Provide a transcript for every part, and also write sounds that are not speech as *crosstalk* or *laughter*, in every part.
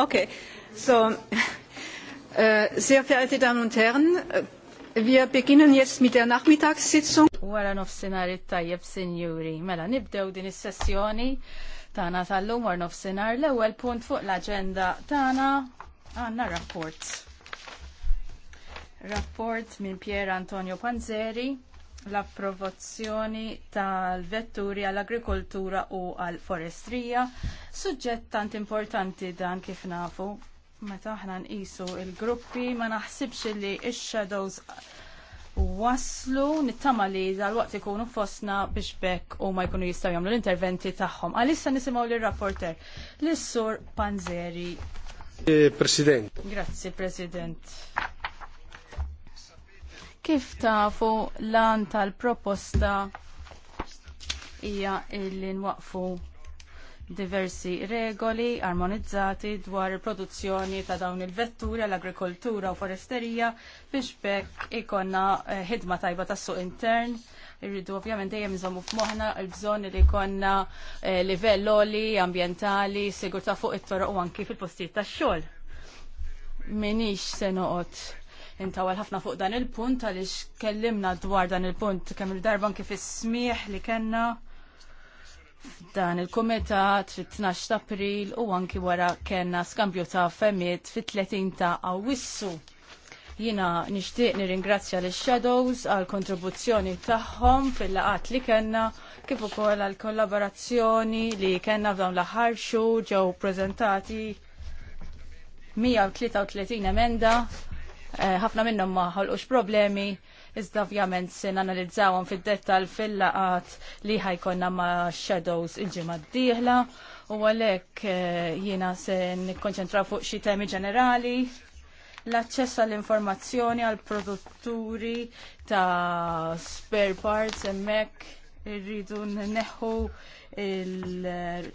Okay, so, *laughs* äh, sehr verehrte Damen und Herren, äh, wir beginnen jetzt mit der Nachmittagssitzung. Wara nofsinhar it-tajjeb, sinjuri, mela nibdew din is-sessjoni tagħna tal-lum war nofsinhar l-ewwel punt fuq l agenda tagħna għandna rapport. Rapport minn Pier Antonio Panzeri l-approvazzjoni tal-vetturi għall-agrikoltura u għall-forestrija, suġġett tant importanti dan kif nafu. Meta aħna nqisu l gruppi ma naħsibx li x-shadows waslu nittama li dal-waqt ikunu fosna biex bekk u ma jkunu jistaw jamlu l-interventi tagħhom. Għalissa nisimgħu lir-rapporter l-Sur Panzeri. Eh, President. Grazzi, President. Kif tafu lan tal-proposta hija illi nwaqfu diversi regoli armonizzati dwar il-produzzjoni ta' dawn il-vetturi l-agrikoltura u foresterija biex bekk ikonna eh, ħidma eh, tajba tas suq intern. Irridu ovvjament dejjem nżommu f'moħħna l-bżonn li jkollna eh, livell oli, ambientali, sigurta fuq it-toroq u anki fil-postijiet tax-xogħol. Minix se noqgħod intawal ħafna fuq dan il-punt għaliex kellimna dwar dan il-punt kemm il-darba kif is-smieħ li kellna f'dan il-kumitat fit-12 ta' April u anki wara kellna skambju ta' femiet fit-30 ta' Awwissu. Jina nixtieq nirringrazzja l shadows għal kontribuzzjoni tagħhom fil-laqat li kellna kif ukoll għal kollaborazzjoni li kellna f'dawn l-aħħar xhur ġew preżentati 133 emenda Eh, ħafna minnhom ma ħolqux problemi, iżda ovvjament se nanalizzawhom fid-dettal fil-laqat li ħajkonna ma' shadows il-ġimgħa d-dieħla u għalhekk eh, jiena se nikkonċentraw fuq xi temi ġenerali l-aċċess għall-informazzjoni għall produtturi ta' spare parts hemmhekk irridu neħħu il-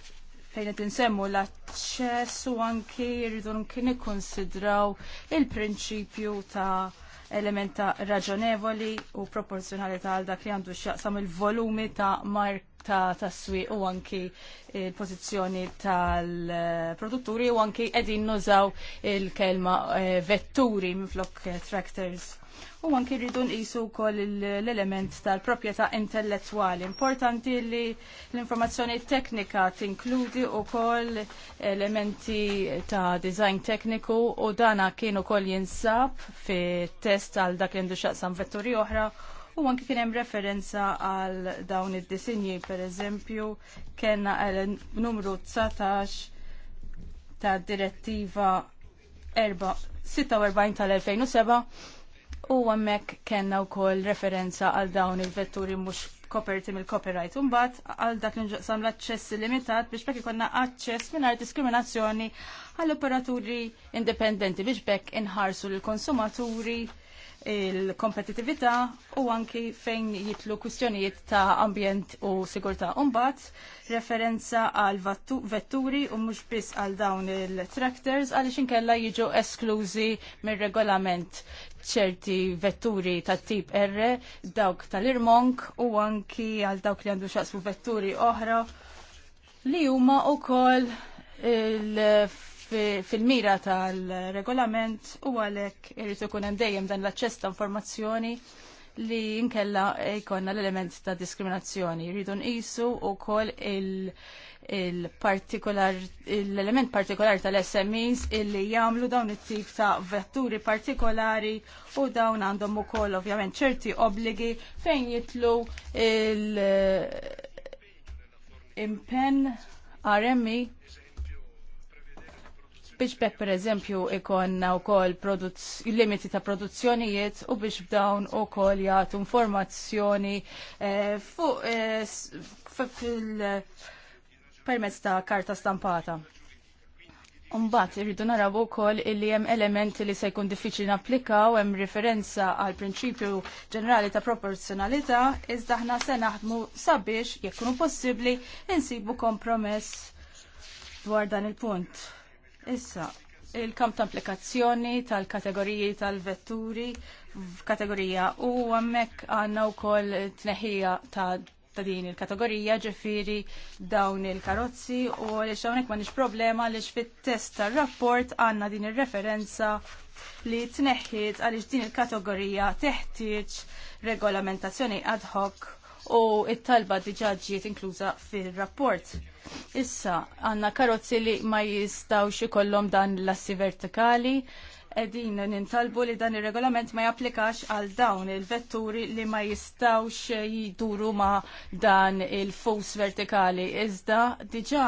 fejn qed insemmu l-aċċess u anki rridu nikkonsidraw il-prinċipju ta' elementa raġonevoli u proporzjonali tal dak li għandu x'jaqsam il-volumi ta' mark ta' taswi u anki il-pozizjoni tal-produtturi u anki edin nużaw il-kelma eh, vetturi minflok eh, tractors. U anki rridu nqisu wkoll l-element tal-proprjetà intellettwali. Importanti li l-informazzjoni teknika tinkludi wkoll elementi ta' design tekniku u dana kienu kol jinsab fi test għal dak li xaqsam vetturi oħra u anki kien hemm referenza għal dawn id-disinji pereżempju kellna għal numru 19 ta' direttiva 46 tal-2007 u għammek kellna wkoll referenza għal dawn il-vetturi mhux koperti mill-copyright. Umbat, għal dak l l-access limitat biex bekk ikonna access mingħajr diskriminazzjoni għall operaturi indipendenti biex bekk inħarsu l-konsumaturi il-kompetitività u anki fejn jitlu kwistjonijiet ta' ambjent u sigurtà Umbat referenza għal vetturi u mhux biss għal dawn il-tractors għaliex inkella jiġu esklużi mir-regolament ċerti vetturi ta' tip R, dawk tal-irmonk u anki għal dawk li għandu xaqsmu vetturi oħra li huma wkoll il fil-mira tal-regolament u għalek irrit ikun hemm dejjem dan l-aċċess ta' informazzjoni li nkella jkollna l-element ta' diskriminazzjoni. Rridu nqisu wkoll l-element partikolari tal-SMEs illi jagħmlu dawn it-tip ta' vetturi partikolari u dawn għandhom ukoll ovvjament ċerti obbligi fejn jitlu il-impen RMI e biex bekk per eżempju ikonna u kol limiti ta' produzzjonijiet u biex b'dawn u kol jgħatu informazzjoni eh, fuq eh, fil-permezz ta' karta stampata. Umbat, irridu narabu kol illi hemm elementi li se jkun diffiċli napplikaw, hemm referenza għal prinċipju ġenerali ta' proporzjonalità, iżda aħna se naħdmu sabiex jekkunu possibbli insibu kompromess dwar dan il-punt Issa, il-kamp ta' applikazzjoni tal-kategoriji tal-vetturi f'kategorija u għammek għanna u koll tneħija ta' ta' din il-kategorija ġifiri dawn il-karozzi u li xawnek ma' nix problema li fit-test tal-rapport għanna din il-referenza li tneħħiet għaliex din il-kategorija teħtieġ regolamentazzjoni ad hoc u it-talba diġa ġiet inkluża fil-rapport. Issa, għanna karozzi li ma jistawx ikollhom dan l-assi vertikali, edin nintalbu li dan il-regolament ma japplikax għal dawn il-vetturi li ma jistawx jiduru ma dan il-fus vertikali. Iżda diġa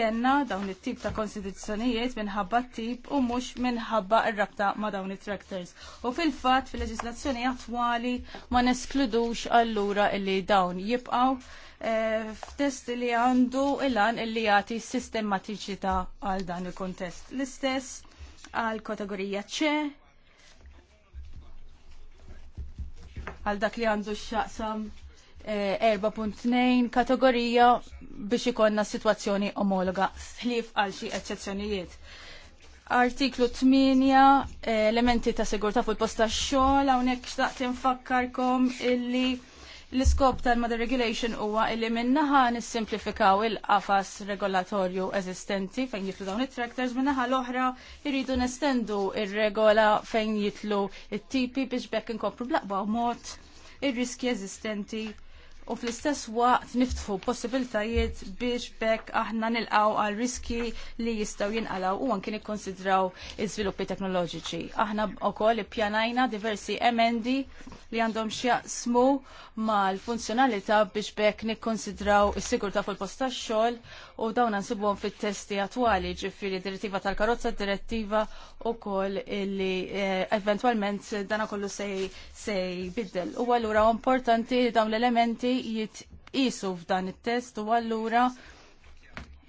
kena dawn it-tip ta' konstituzzjonijiet minħabba t-tip u mux minħabba r-rabta ma' dawn it-tractors. U fil-fat fil-leġislazzjoni attwali ma neskludux allura illi dawn jibqaw e, f'test li għandu il-għan illi jati sistematiċità għal dan il-kontest. L-istess għal kategorija C għal dak li għandu xaqsam 4.2 eh, kategorija biex ikonna situazzjoni omologa sħlif għal xi eccezzjonijiet. Artiklu 8, eh, elementi ta' sigurta fuq il-posta xogħol hawnhekk xtaqt infakkarkom illi L-iskop tal-Mother Regulation huwa li minnaħa nissimplifikaw il-qafas regolatorju eżistenti fejn jitlu dawn it-tractors, minnaħa l-oħra jridu nestendu il regola fejn jitlu it-tipi biex bekk inkopru blaqba u mod ir-riski eżistenti u fl-istess waqt niftħu possibiltajiet biex bekk aħna nilqaw għal riski li jistaw jinqalaw u anki nikkonsidraw iż-żviluppi teknoloġiċi. Aħna wkoll ippjanajna diversi emendi li għandhom xjaqsmu mal-funzjonalità biex bekk nikkonsidraw is-sigurtà fuq il-post tax-xogħol u dawn nsibuhom fit-testi attwali, ġifieri direttiva tal-karozza, direttiva wkoll illi eh, eventwalment dana kollu se jbiddel. U allura importanti dawn l-elementi jitqisu f'dan it-test u allura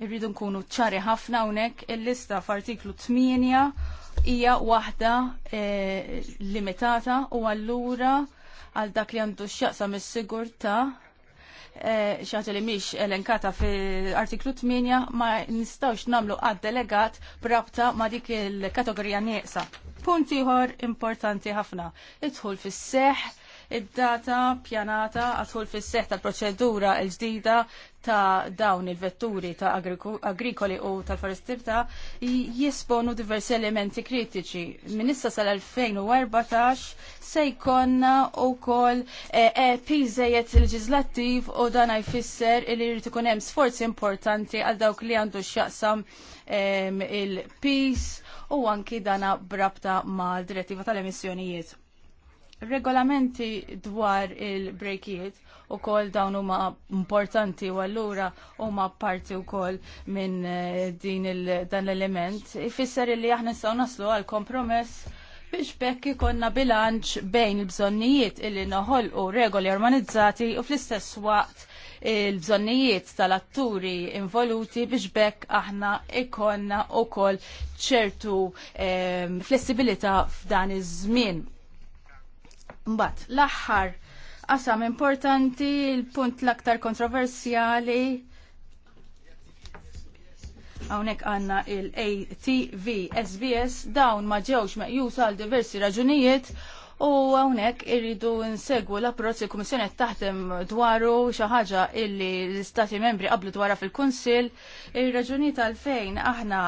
irridu nkunu ċari ħafna hawnhekk il-lista f'artiklu 8 hija waħda e, limitata u allura għal dak li għandu x'jaqsam is-sigurtà eh, xaħġa li miex elenkata fi artiklu 8 ma nistawx namlu għad delegat brabta ma dik il-kategorija nieqsa. Punt ieħor importanti ħafna. Idħul fis-seħ id-data pjanata għatħol fis seħħ tal-proċedura l-ġdida ta' dawn il-vetturi ta' agrikoli u tal-forestibta jisponu diversi elementi kritiċi. Minissa sal-2014 se jkonna u kol il eh, e leġislattiv u dan jfisser il irrid ikun hemm sforzi importanti għal dawk li għandu x'jaqsam ehm, il-peace u anki dana brabta mal direttiva tal-emissjonijiet regolamenti dwar il-brekiet u kol dawn huma importanti u allura huma parti u kol minn eh, din dan l-element. Ifisser li aħna nistgħu naslu għal kompromess biex bekk ikonna bilanċ bejn il-bżonnijiet illi noħol u regoli armonizzati u fl-istess waqt il-bżonnijiet tal-atturi involuti biex bekk aħna ikonna u kol ċertu eh, flessibilita f'dan iż-żmien Mbagħad l-aħħar qasam importanti, il-punt l-aktar kontroversjali. Hawnhekk għandna il-ATV SBS dawn ma ġewx meqjusa għal diversi raġunijiet u hawnhekk irridu nsegwu l-approċċ li kummissjoni qed taħdem dwaru xi ħaġa illi l-Istati membri qablu dwarha fil-Kunsill. Ir-raġunijiet għalfejn aħna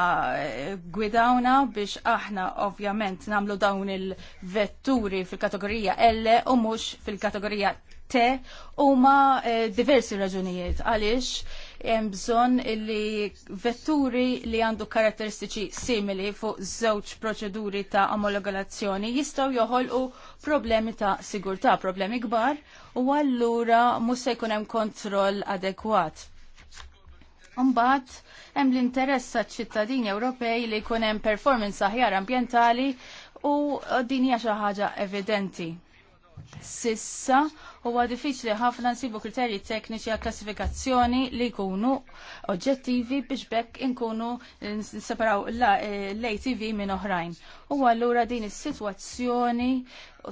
eh, gwidawna biex aħna ovvjament nagħmlu dawn il-vetturi fil-kategorija L u mhux fil-kategorija T huma eh, diversi raġunijiet għaliex hemm bżonn li vetturi li għandu karatteristiċi simili fuq żewġ proċeduri ta' omologazzjoni jistgħu joħolqu problemi ta' sigurtà, problemi kbar, u allura mhux se jkun hemm kontroll adekwat. Mbagħad hemm l-interess ċittadini Ewropej li jkun hemm performance aħjar ambjentali u din hija xi ħaġa evidenti. Sissa huwa diffiċli ħafna nsibu kriterji tekniċi għal klassifikazzjoni li jkunu oġġettivi biex bekk inkunu nseparaw l-ATV eh, minn oħrajn. U allura din is-sitwazzjoni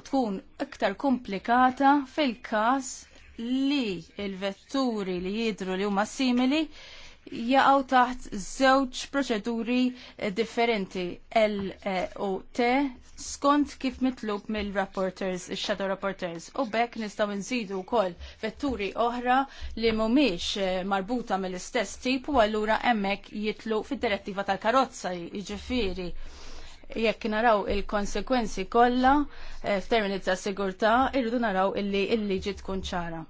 tkun iktar komplikata fil-każ li il-vetturi li jidru li huma simili jaqaw taħt żewġ proċeduri differenti L e u T skont kif mitlub mill-rapporters, il-shadow rapporters, u bekk nistaw nżidu kol vetturi oħra li mumiex eh, marbuta mill-istess tip u għallura emmek jitlu fid-direttiva tal-karozza iġifiri jekk naraw il-konsekwenzi kollha eh, f'termini ta' sigurtà irridu naraw illi il-liġi tkun ċara.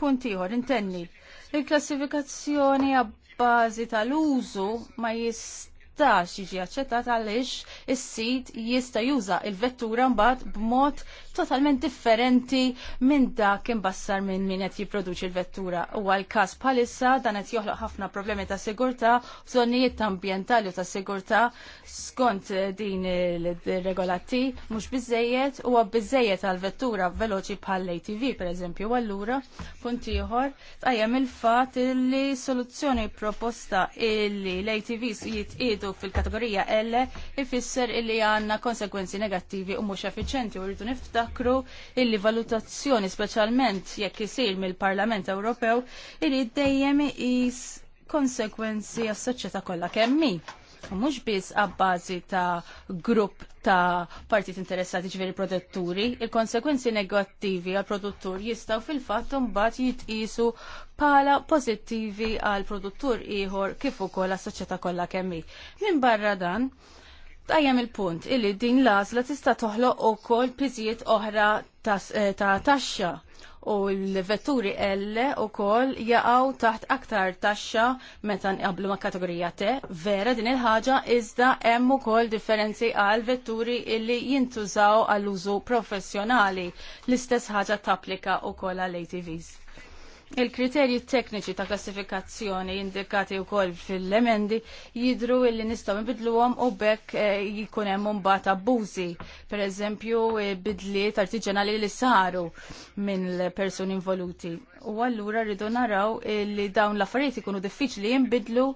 Punt ieħor intenni. Il-klassifikazzjoni għabbażi tal-użu ma jist jistax jiġi aċċettat għaliex is-sit jista' juża il-vettura mbagħad b'mod totalment differenti minn dak imbassar minn min qed jipproduċi l-vettura. U għall każ bħalissa dan qed joħloq ħafna problemi ta' sigurtà, bżonnijiet ambjentali u ta' sigurtà skont din il-regolati mhux biżejjed huwa biżejjed għal vettura veloċi bħal ATV pereżempju allura punt ieħor tajjem il-fatt li soluzzjoni proposta illi l atv jitqiedu jiftu fil-kategorija L ifisser illi għanna konsekwenzi negattivi u mhux effiċenti u rridu niftakru illi valutazzjoni speċjalment jekk isir mill-Parlament Ewropew irid dejjem is konsekwenzi għas-soċjetà kollha kemm u mhux biss għabbażi ta' grupp ta' partit interessati ġveri produtturi, il-konsekwenzi negattivi għal produttur jistaw fil-fatt mbagħad jitqisu pala pożittivi għal produttur ieħor kif ukoll għas-soċjetà kollha kemm Min barra dan, Tajjem il-punt illi din l-għażla tista' toħloq ukoll piżijiet oħra eh, ta' taxxa u l-vetturi L u kol jaqaw taħt aktar taxxa meta nqablu ma' kategorija T. Vera din il-ħaġa iżda hemm ukoll differenzi għal vetturi illi jintużaw għall-użu professjonali. L-istess ħaġa tapplika kol għal ATVs. Il-kriterji tekniċi ta' klassifikazzjoni indikati u koll fil-emendi jidru illi nistaw nbidluhom u bekk eh, jikunem hemm mbagħad abbużi. Per eżempju, bidliet artiġanali li saru minn persuni involuti. U allura rridu naraw illi dawn l-affarijiet ikunu diffiċli jinbidlu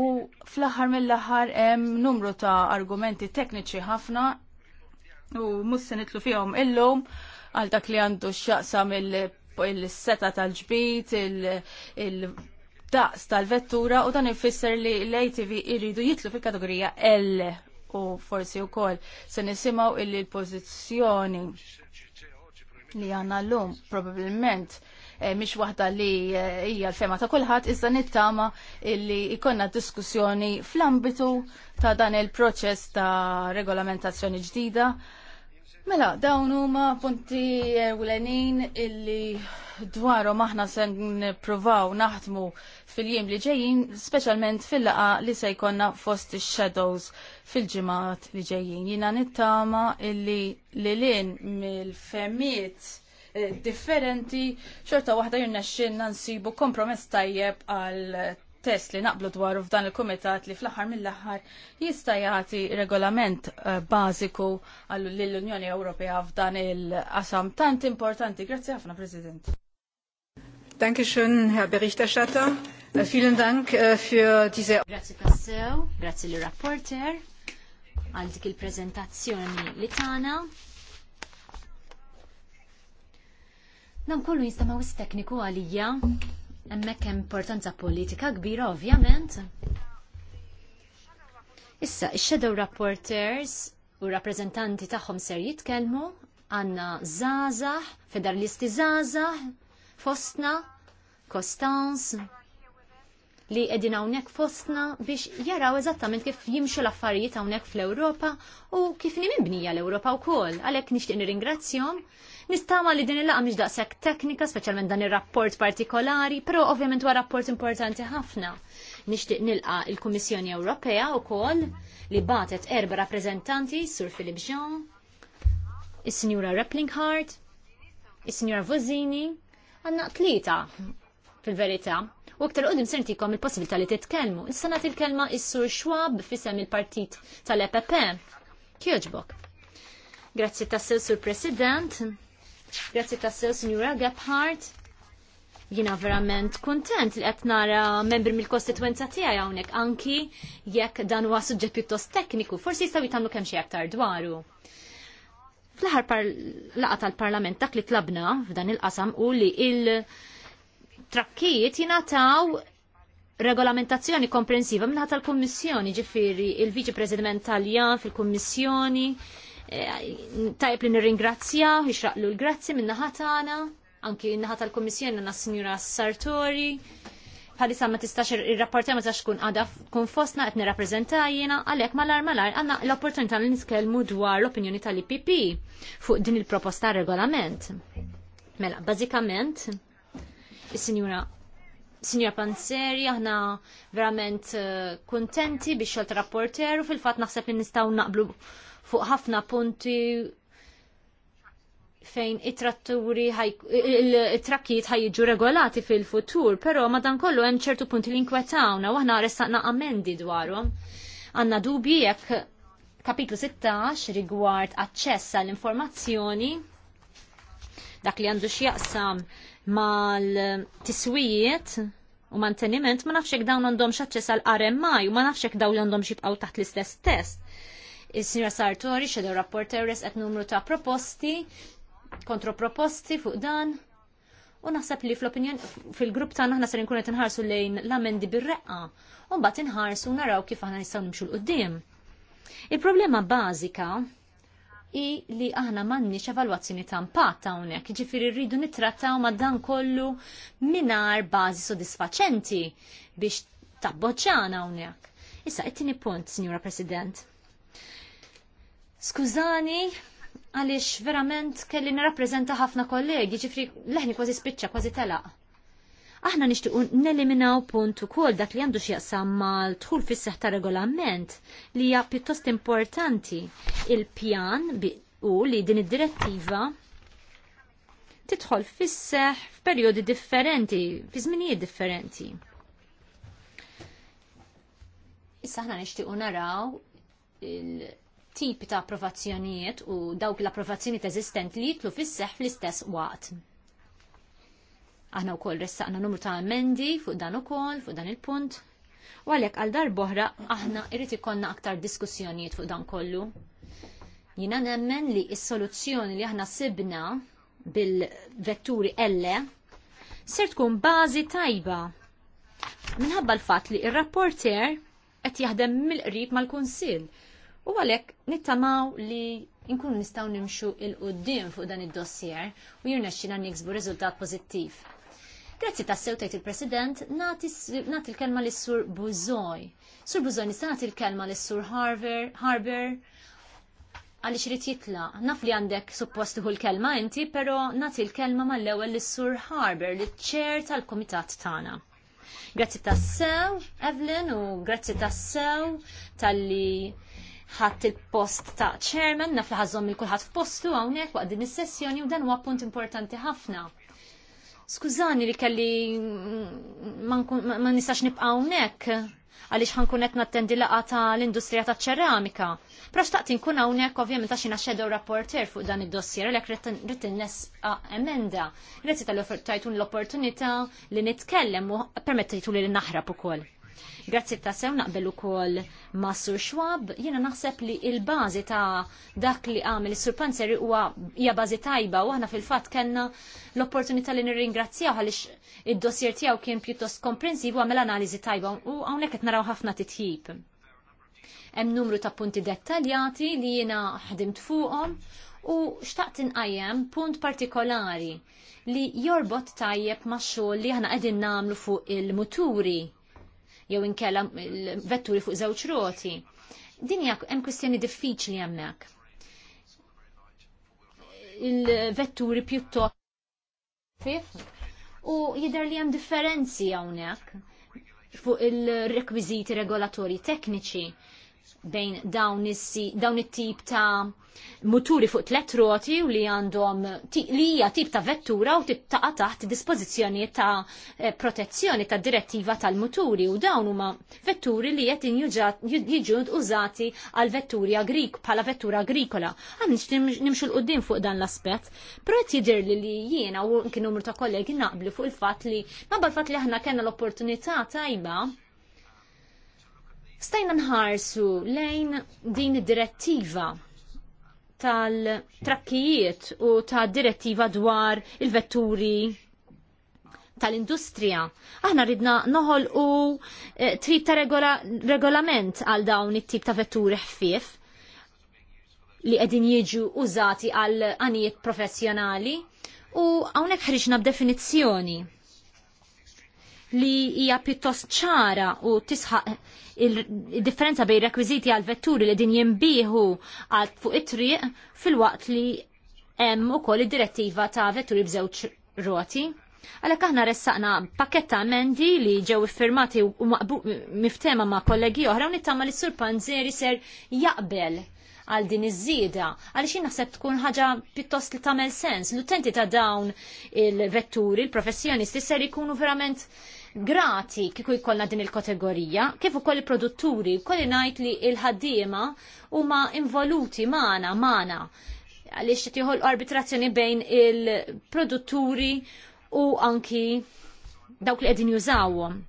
u fl-aħħar mill-aħħar hemm numru ta' argumenti tekniċi ħafna u mus se nitlu fihom illum għal dak li għandu x'jaqsam il- il-seta tal-ġbit, il-daqs tal-vettura u dan ifisser li l-ATV irridu jitlu fil-kategorija L u forsi u kol se nisimaw illi l-pozizjoni li għanna l-lum probabilment eh, miex wahda li eh, hija l-fema ta' kulħadd iżda nittama li ikonna diskussjoni fl-ambitu ta' dan il-proċess ta' regolamentazzjoni ġdida Mela, dawn huma punti ewlenin illi dwarhom aħna se nippruvaw naħdmu fil-jiem li ġejjin, speċjalment fil-laqa li se jkollna fost ix-shadows fil-ġimgħat li ġejjin. Jiena nittama illi lilin mill-femiet eh, differenti xorta waħda jirnexxinna nsibu kompromess tajjeb għal test li naqblu dwar f'dan il-komitat li fl-aħħar mill-aħħar jista' jagħti regolament eh, bażiku lill-Unjoni Ewropea f'dan il-qasam tant importanti. Grazzi ħafna, President. Dankeschön, Herr Berichterstatter. Äh, vielen Dank äh, für diese... Grazie Passeo, grazie li rapporter għal dik il-prezentazzjoni li tana. Dan kollu jistama wis tekniku għalija Hemmhekk hemm importanza politika kbira ovvjament. Issa, il shadow rapporteurs u rappreżentanti tagħhom ser jitkellmu għanna Zazah, federalisti Zazah, Fostna, Kostans li qegħdin hawnhekk fostna biex jaraw eżattament kif jimxu l-affarijiet hawnhekk fl-Ewropa u kif bnija l-Ewropa wkoll. Għalhekk nixtieq nirringrazzjom. Nistama li din il-laqa mhix daqshekk teknika, speċjalment dan ir-rapport partikolari, però ovvjament huwa rapport importanti ħafna. Nixtieq nilqa il-Kummissjoni Ewropea wkoll li batet erba rappreżentanti, Sur Philip Jean, is signora Replinghardt, is signora Vozzini, għanna tlita fil-verità. U aktar qudiem se il-possibilità li titkellmu. Issa nagħti il-kelma is-Sur Schwab fisem il-Partit tal-EPP. Kjoġbok. Grazzi tassew Sur President. Grazzi tassew Signora Gephardt. Jina verament kontent li qed nara membri mill-kostituenza tiegħi hawnhekk anki jekk dan huwa suġġett pjuttost tekniku, forsi jistaw jitamlu kemm xi aktar dwaru fl-ħar laqa tal-parlament dak li tlabna f'dan il-qasam u li il- trakkijiet jinataw regolamentazzjoni komprensiva minnaħat tal-Kommissjoni, ġifiri il-Viċi President Taljan fil-Kommissjoni, eh, tajb li nir-ringrazzja, ixraqlu l-grazzi minnaħat għana, anki minnaħat tal-Kommissjoni għanna Signora Sartori, bħalissa ma tistax il-rapporter ma tistax kun għada kun fosna għetni nirrapprezentajjena għalek malar malar għanna l-opportunità li niskelmu dwar l-opinjoni tal-IPP fuq din il-proposta regolament. Mela, bazikament, Is-Sinjura Sinjora Panzeri, aħna verament eh, kontenti biex xalt rapporter u fil-fat naħseb li nistaw naqblu fuq ħafna punti fejn it-tratturi, il-trakkijiet ħajġu regolati fil-futur, pero madan kollu hemm ċertu punti li nkwetawna u aħna restaqna ammendi dwarhom. Għanna dubji jekk kapitlu 16 rigward aċċess għall-informazzjoni dak li għandu x'jaqsam mal-tiswijiet u manteniment ma nafxek dawn għandhom xaċċess għal-RMI u ma nafxek dawn għandhom xibqaw taħt l-istess test. is sinja Sartori xedew rapporteres qed numru ta' proposti, kontroproposti fuq dan. U naħseb li fl-opinjon fil-grupp tagħna aħna ser inkun qed inħarsu lejn l-amendi bir-reqqa u mbagħad inħarsu naraw kif aħna nistgħu nimxu l-qudiem. Il-problema bażika i li aħna m'għandniex evalwazzjoni ta' impatt hawnhekk, jiġifieri rridu nittrattaw ma' dan kollu mingħajr bażi sodisfaċenti biex tabboċċana hawnhekk. Issa it-tieni punt, Sinjura President. Skużani għaliex verament kelli nirrappreżenta ħafna kollegi, ġifri leħni kważi spiċċa, kważi telaq. Aħna nixtiequ neliminaw punt ukoll dak li għandu x'jaqsam mal-dħul fis-seħ ta' regolament li hija pjuttost importanti il-pjan u li din id-direttiva tidħol fis-seħ f'perjodi differenti, fi żminijiet differenti. Issa aħna nixtiequ naraw il- tipi ta' approvazzjonijiet u dawk l-approvazzjonijiet eżistenti li jitlu fis-seħ fl-istess waqt. Aħna wkoll ressaqna numru ta' emendi fuq dan ukoll, fuq dan il-punt. U għalhekk għal boħra aħna irrid ikollna aktar diskussjonijiet fuq dan kollu. Jiena nemmen li s-soluzzjoni li aħna sibna bil-vetturi L ser tkun bażi tajba. Minħabba l-fatt li ir-rapporter qed jaħdem mill-qrib mal-Kunsill. U għalek nittamaw li nkunu nistaw nimxu il-qoddim fuq dan id-dossier u jirna niksbu rizultat pożittiv. Grazzi tas-sew tajt il-President, nagħti il kelma lis sur Buzoj. Sur Buzoj nista' nagħti il kelma lis sur Harber għaliex irid jitla. Naf li għandek suppost iħu l-kelma inti, però nagħti l-kelma mal-ewwel lis sur Harber, li ċer tal-kumitat tagħna. Grazzi tassew, Evelyn, u grazzi sew tal-li ħadd il-post ta' chairman naf li ħażhom il kulħadd f'postu hawnhekk waqt din is-sessjoni u dan huwa punt importanti ħafna. Skużani li kelli ma nistax nibqa' hawnhekk għaliex ħankun qed nattendi ta' l industrija taċ-ċeramika. Però xtaqt inkun hawnhekk ovvjament għax shadow rapporter fuq dan id-dossier għalhekk rrid innesqa emenda. Grazzi tal-offertajtun l-opportunità li nitkellem u permettejtu li naħrab ukoll. Grazzi ta' sew naqbel ukoll ma' Sur Schwab, jiena naħseb li il-bażi ta' dak li għamel is-Sur Panzeri huwa hija bażi tajba u aħna fil-fatt kellna l-opportunità li nirringrazzjaw għaliex id-dossier tiegħu kien pjuttost komprensiv u għamel analiżi tajba u hawnhekk qed naraw ħafna titjib. Hemm numru ta' punti dettaljati li jiena ħdimt fuqhom u xtaqt inqajjem punt partikolari li jorbot tajjeb ma' xogħol li aħna qegħdin nagħmlu fuq il-muturi jew inkella vetturi fuq żewġ roti. Din hija hemm kwistjoni diffiċli hemmhekk. Il-vetturi pjuttost u jidher li hemm differenzi hawnhekk fuq il-rekwiżiti regolatorji tekniċi bejn dawn it-tip ta' muturi fuq tlet roti u li għandhom li hija tip ta' vettura u tip ta' taħt dispożizzjoni ta' protezzjoni ta' direttiva tal-muturi u dawn huma vetturi li qed jiġu użati għal vetturi agrik bħala vettura agrikola. Għam nimxu l qudiem fuq dan l-aspett, però qed jidher li li jiena u kien numru ta' kollegi naqblu fuq il-fatt li ma bal-fatt li aħna kellna l-opportunità tajba Stajna nħarsu lejn din id-direttiva tal-trakkijiet u ta' direttiva dwar il-vetturi tal-industrija. Aħna ridna noħol u e, trid ta' regolament għal dawn it-tip ta' vetturi ħfief li qegħdin jiġu użati għal anijiet professjonali u hawnhekk ħriġna b'definizzjoni li hija pjuttost ċara u tisħaq il-differenza bejn rekwiżiti għal vetturi li din jimbiħu għal fuq it-triq fil-waqt li hemm ukoll id-direttiva ta' vetturi b'żewġ roti. Għalhekk aħna ressaqna pakketta amendi li ġew iffirmati u miftema ma' kollegi oħra u nittama li sur Panzeri ser jaqbel għal din iż-żieda, għaliex jien naħseb tkun ħaġa pjuttost li tagħmel sens. L-utenti ta' dawn il-vetturi, il-professjonisti ser ikunu verament grati kieku jkollna din il-kategorija, kif ukoll il-produtturi, kolli ngħid li il-ħaddiema huma involuti mana mana għaliex qed joħolqu arbitrazzjoni bejn il-produtturi u anki dawk li qegħdin jużawhom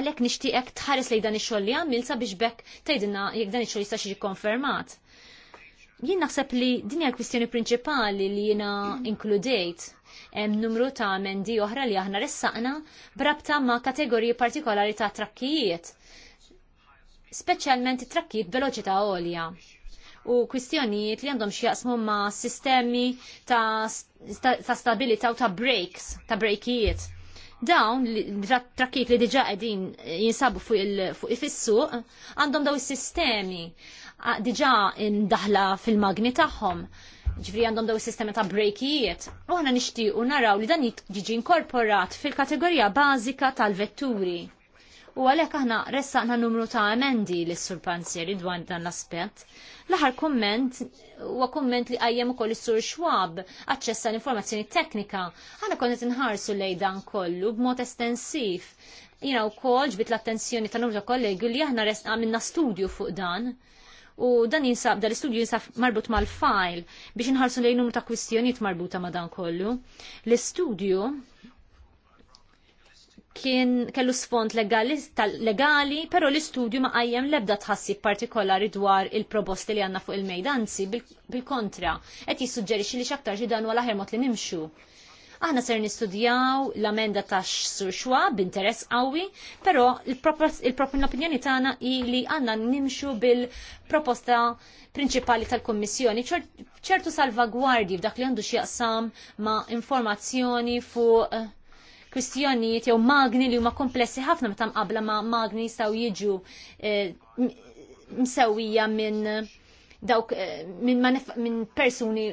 għalek nishtiqek tħares li dan ix-xogħol li għamil sabiex bekk tgħidilna jekk dan ix-xogħol jista' xi konfermat. Jien naħseb li din hija l-kwistjoni prinċipali li jiena inkludejt hemm numru ta' amendi oħra li aħna ressaqna brabta ma' kategoriji partikolari ta' trakkijiet, speċjalment trakkijiet veloċità għolja u kwistjonijiet li għandhom xjaqsmu ma' sistemi ta', sta ta stabilita u ta' breaks, ta' breakijiet. Dawn trakkijiet li diġa qegħdin jinsabu fuq il-fissuq għandhom daw is-sistemi diġa indaħla fil-magni tagħhom ġifri għandhom daw sistemi ta' brejkijiet. U għana u naraw li dan jiġi inkorporat fil-kategorija bażika tal-vetturi. U għalek aħna ressaqna numru ta' emendi l sur panzieri dwar dan l-aspet. L-aħar komment huwa komment li għajjem ukoll is-sur xwab, aċċessa l-informazzjoni teknika. Aħna konnet inħarsu lejn dan kollu b'mod estensiv. Jina wkoll ġbit l-attenzjoni ta' numru ta' kollegi li aħna għamilna studju fuq dan u dan jinsab, dal istudju jinsab marbut mal fajl biex nħarsu lejn numru ta' kwistjoniet marbuta ma' dan kollu. L-istudju kien kellu sfond legali, pero l-istudju ma' għajjem lebda tħassib partikolari dwar il-proposti li għanna fuq il-mejdanzi bil-kontra, bil et jissuġġerixi li xaktar ġidan u għalaħermot li nimxu. Aħna ser nistudjaw l-amenda ta' sur xwab b'interess qawwi, però l-opinjoni tagħna hi li għandna nimxu bil-proposta prinċipali tal-Kommissjoni ċertu salvagwardi f'dak li għandu x'jaqsam ma' informazzjoni fuq eh, kwistjonijiet jew magni li huma komplessi ħafna meta mqabla ma' magni jistgħu jiġu eh, msewwija minn eh, dawk minn persuni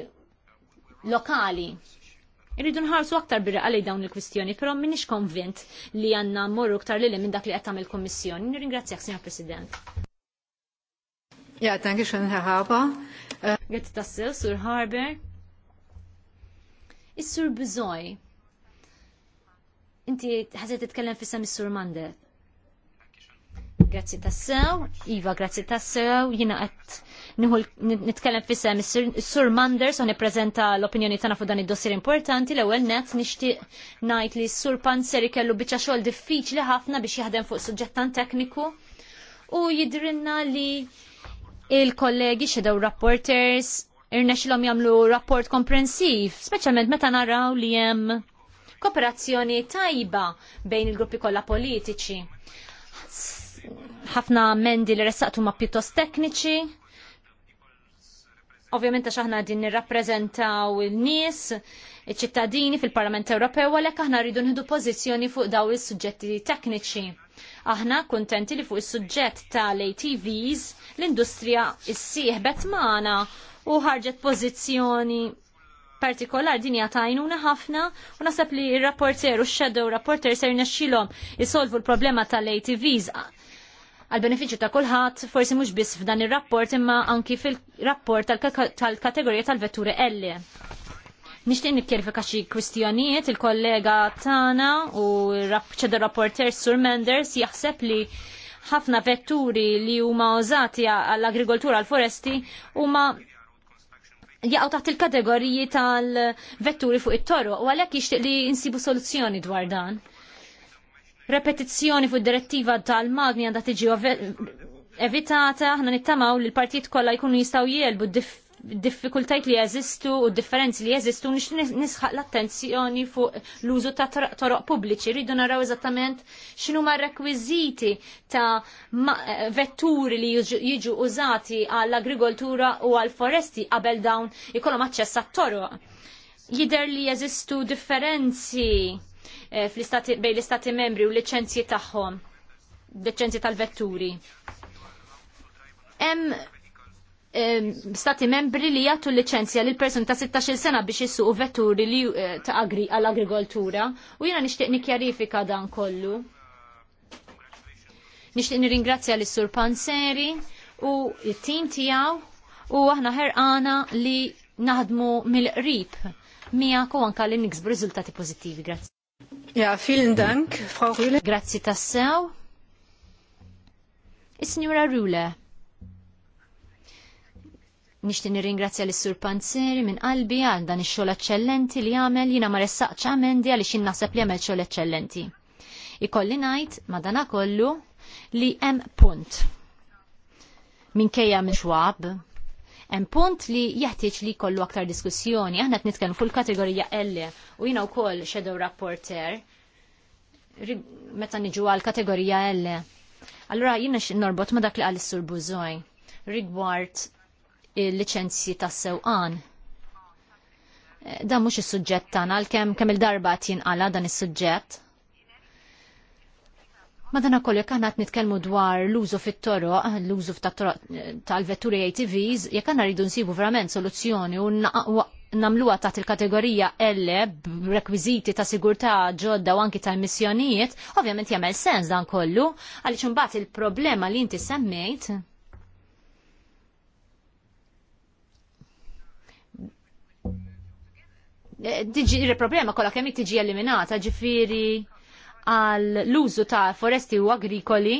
lokali Irridu nħarsu aktar birra għalli dawn il-kwistjoni, pero minnix konvint li għanna morru aktar li minn dak li għattam il-Kommissjoni. Nirringrazzjak, Signor President. Ja, tanki schön, Herr äh, Għet tassil, Sur Harber. Is-Sur Bizoj. Inti ħazet titkellem fissam mis-Sur Mandet. Grazzi tassew, Iva, grazzi tassew, jina għet nitkellem fissem Sur Manders u nipprezenta l-opinjoni tagħna fuq dan id-dossier importanti l-ewwel net nixtieq ngħid li Sur Panzer ikellu biċċa xogħol diffiċli ħafna biex jaħdem fuq suġġett tekniku u jidrinna li il-kollegi xedew rapporters irnexilhom jagħmlu rapport komprensiv, speċjalment meta naraw li hemm kooperazzjoni tajba bejn il-gruppi kollha politiċi ħafna mendi li ressaqtu ma pjuttost tekniċi Ovvjament għax aħna din nirrappreżentaw il-nies, iċ-ċittadini fil-Parlament Ewropew għalhekk aħna rridu nħidu pożizzjoni fuq daw is-suġġetti tekniċi. Aħna kuntenti li fuq is-suġġett tal-ATVs l-industrija ssieħbet magħna u ħarġet pożizzjoni partikolar din tajnuna ħafna u nasab li il-rapporter u shadow rapporter ser nexxilhom isolvu l-problema tal-ATVs għal benefiċċju ta' kulħadd forsi mhux biss f'dan ir-rapport imma anki fil-rapport tal-kategorija tal-vetturi L. Nixtieq nikkjerifika xi kwistjonijiet il-kollega tagħna u ċedu rapporter Sur Menders jaħseb li ħafna vetturi li huma użati għall-agrikoltura għall-foresti huma jaqgħu taħt il-kategoriji tal-vetturi fuq it toru u għalhekk jixtieq li nsibu soluzzjoni dwar dan repetizzjoni fuq direttiva tal-magni għandha tiġi evitata, ħna nittamaw li l-partijiet kollha jkunu jistgħu jelbu diffikultajt li jeżistu u differenzi li jeżistu nix nisħaq l-attenzjoni fuq l-użu ta' toroq pubbliċi. Ridu naraw eżattament xinu ma' rekwiżiti ta' vetturi li jiġu użati għall-agrikoltura u għall-foresti qabel dawn ikollhom aċċess għat-toroq. Jider li jeżistu differenzi Eh, bej l-istati membri u liċenzji tagħhom, liċenzji tal-vetturi. Hemm eh, stati membri li jgħatu licenzja lil person ta' 16 sena biex u vetturi li eh, ta' agri għall-agrikoltura u jena nishtiq nikjarifika dan kollu. Nishtiq nirringrazzja l sur Panseri u il-tim tijaw u aħna ħerqana li naħdmu mill-qrib mija u anka li niksbu riżultati pozittivi. Grazzi. Ja, vielen Dank, Frau Rühle. Grazzi tassew. Is-Signora Rühle. nishti nirringrazzja l-Sur Panzeri minn qalbi għal dan ix-xogħol eċċellenti li għamel jiena ma ressaqx amendi għaliex naħseb li għamel xogħol eċċellenti. Ikolli ngħid madanakollu li hemm punt. Minkejja minn xwab, hemm punt li jeħtieġ li jkollu aktar diskussjoni. Aħna qed nitkellmu fuq il-kategorija L u jina wkoll shadow rapporter meta niġu għal kategorija L. Allura jina norbot ma dak li għal sur Buzoj rigward il-licenzji tas sewqan. Eh, dan mhux is-suġġett tagħna għalkemm kemm il-darba qed jinqala dan is-suġġett. Madana kollu jekk aħna nitkellmu dwar l-użu fit-toroq, l-użu eh, tal-vetturi ATVs, jekk aħna rridu nsibu verament soluzzjoni u namluwa taħt il-kategorija L b'rekwiżiti ta' sigurtà ġodda u anki ta' emissjonijiet, ovvjament jagħmel sens dan kollu, għaliex imbagħad il-problema li inti semmejt Diġi il-problema kollha kemm tiġi eliminata, ġifieri għal użu ta' foresti u agrikoli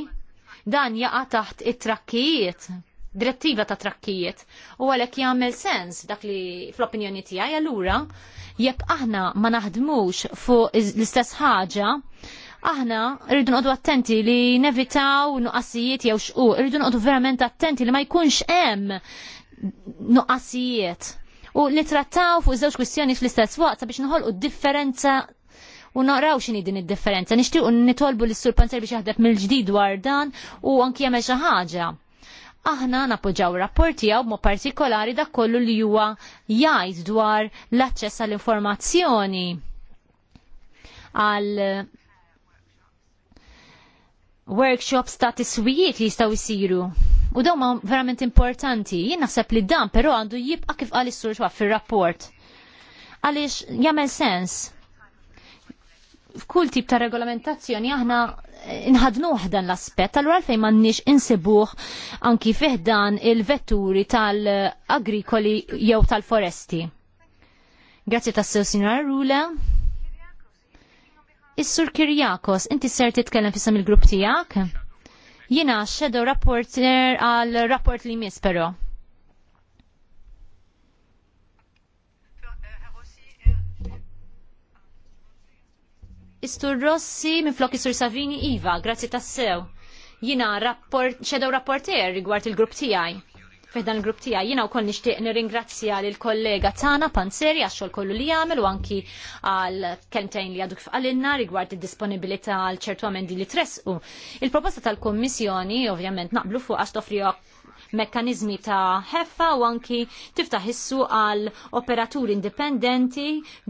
dan jaqa' taħt it-trakkijiet direttiva ta' trakkijiet u għalhekk jagħmel sens dak li fl-opinjoni tiegħi allura jekk aħna ma naħdmux fuq l-istess ħaġa aħna rridu nqodu attenti li nevitaw nuqqasijiet jew xqu, rridu nqodu verament attenti li ma jkunx hemm nuqqasijiet. U nitrattaw fuq żewġ kwistjoni fl-istess waqt sabiex noħolqu differenza u naqraw xini din id-differenza. Nixtiequ nitolbu l-sur Panzer biex jaħdem mill-ġdid dwar dan u anki jagħmel xi ħaġa aħna napoġaw rapporti għaw mo partikolari da kollu li huwa jgħid dwar l-aċċess għall-informazzjoni għal workshops ta' tiswijiet li jistaw jisiru. U daw ma' verament importanti. Jien naħseb li dan, pero għandu jibqa' kif għal is-sur fir-rapport. Għaliex jagħmel sens. F'kull tip ta' regolamentazzjoni aħna inħadnuħ dan l-aspet, allura għalfejn m'għandniex insibuh anki fih dan il-vetturi tal-agrikoli jew tal-foresti. Grazie tas-sew Sinjora Rula. Is-Sur Kirjakos, inti ser titkellem fisem il-grupp tiegħek? Jiena shadow rapporter għal rapport li mis, pero. Istur Rossi minn flok Istur Savini Iva, grazzi tassew. Jina rapport, xedaw rapporter rigward il-grupp tijaj. Fedan il-grupp tijaj, jina u koll nishtiq nir-ingrazzja l-kollega tana Panzeri għaxol kollu li jamel u anki għal kentajn li għaduk f'għalinna rigward il-disponibilita għal ċertu amendi li tresqu. Il-proposta tal komissjoni ovvjament naqblu fuq għax toffri mekkanizmi ta' ħeffa u anki tiftaħ issu għal operaturi indipendenti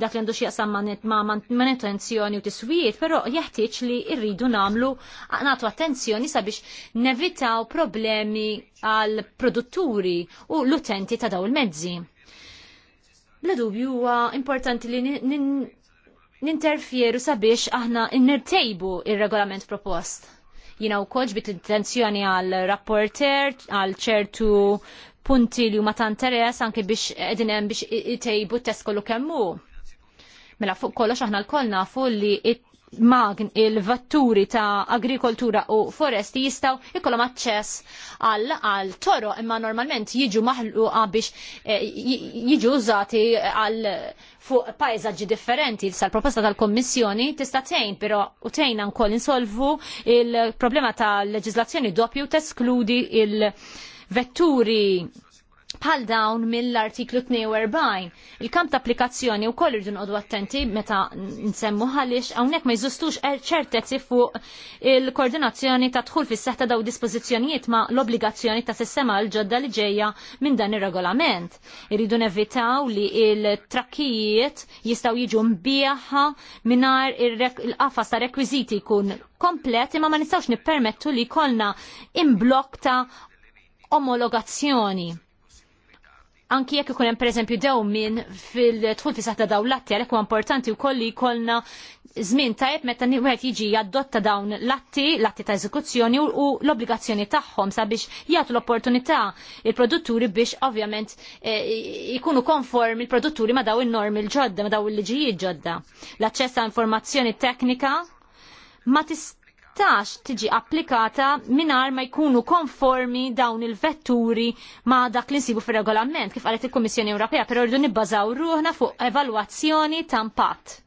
dak li għandu xi jaqsam ma' manutenzjoni u tiswijiet, però jeħtieġ li rridu nagħmlu nagħtu attenzjoni sabiex nevitaw problemi għal produtturi u l-utenti ta' daw il-mezzi. Bla dubju huwa importanti li ninterfjeru sabiex aħna nirtejbu ir-regolament propost Jina u kolġ bit intenzjoni għal rapporter, għal ċertu punti li huma ta' interess anke biex qegħdin hemm biex itejbu test kollu kemm hu. Mela fuq kollox aħna lkoll nafu li t magn il-vatturi ta' agrikoltura u foresti jistaw ikollhom aċċess għal għal toro imma normalment jiġu maħlu biex eh, jiġu użati għal fuq pajzaġġi differenti sal-proposta tal-Kommissjoni tista' tgħin però u tgħin ankoll insolvu il-problema tal-leġiżlazzjoni doppju teskludi il-vetturi bħal dawn mill-artiklu 42. Il-kamp ta' applikazzjoni u koll irdu attenti meta nsemmu ħalix hawnhekk ma jżustux er ċertezzi fuq il-koordinazzjoni ta' dħul fis-seħta daw dispożizzjonijiet ma' l-obbligazzjoni ta' sistema l-ġodda li ġejja minn dan ir-regolament. Irridu nevitaw li il-trakkijiet jistgħu jiġu mbieħa mingħajr il-qafas ta' rekwiżiti jkun komplet imma ma nistgħux nippermettu li jkollna imblok ta' omologazzjoni anki jekk ikun hemm pereżempju dew min fil tħul fisaħ ta' dawn latti għalhekk huwa importanti wkoll li jkollna żmien tajjeb meta wieħed jiġi jadotta dawn latti, latti ta' eżekuzzjoni u l-obbligazzjoni tagħhom sabiex jagħtu l-opportunità il-produtturi biex ovvjament eh, ikunu konform il-produtturi ma' daw in-normi l-ġodda, ma' daw il-liġijiet ġodda. L-aċċess ta' informazzjoni teknika ma tista' tax tiġi applikata minar ma jkunu konformi dawn il-vetturi ma dak li nsibu fil-regolament kif għalet il-Komissjoni Ewropea, pero rridu nibbażaw ruħna fuq evalwazzjoni ta' impatt.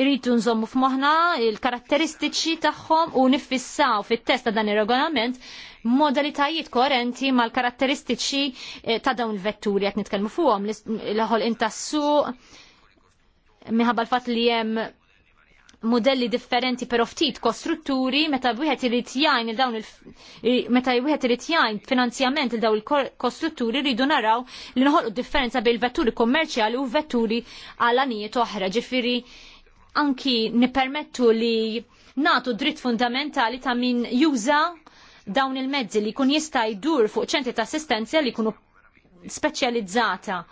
Irridu nżommu f'moħħna il-karatteristiċi tagħhom u nifissaw fit-testa dan ir-regolament modalitajiet koerenti mal-karatteristiċi eh, ta' dawn il-vetturi qed nitkellmu fuqhom l-ħol intassu minħabba l-fatt li hemm modelli differenti però ftit kostrutturi meta wieħed irid jgħin dawn il meta wieħed irid jgħin finanzjament il dawn il-kostrutturi rridu naraw li noħolqu differenza bejn vetturi kommerċjali u vetturi għalanijiet oħra. Ġifieri anki nippermettu li natu dritt fundamentali ta' min juża dawn il-mezzi li jkun jista' jdur fuq ċentri ta' assistenza li jkunu speċjalizzata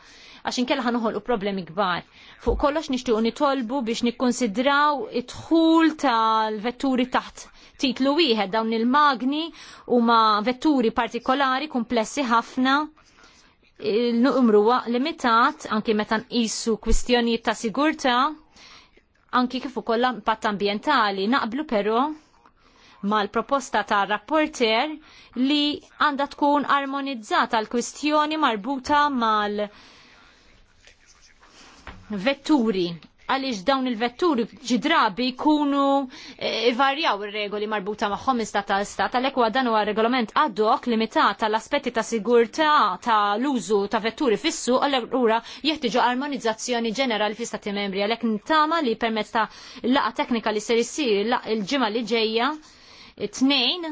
għax inkella u problemi kbar. Fuq kollox nixtiequ nitolbu biex nikkonsidraw it dħul tal-vetturi taħt titlu wieħed dawn il-magni huma vetturi partikolari komplessi ħafna il-numru limitat anki meta nqisu kwistjonijiet ta' sigurtà anki kif ukoll impatt ambjentali naqblu però mal-proposta ta' rapporter li għandha tkun armonizzata l-kwistjoni marbuta mal- vetturi għaliex dawn il-vetturi ġidrabi jkunu eh, varjaw ir-regoli marbuta magħhom istat stat istat, għalek għalhekk huwa dan huwa regolament għadok limitata limitat aspetti ta' sigurtà tal-użu ta' vetturi fissu għalhekk ura jeħtieġu armonizzazzjoni ġenerali fi stati membri għalhekk tama li permezz ta' laqa teknika li ser issir il-ġimgħa li ġejja it-tnejn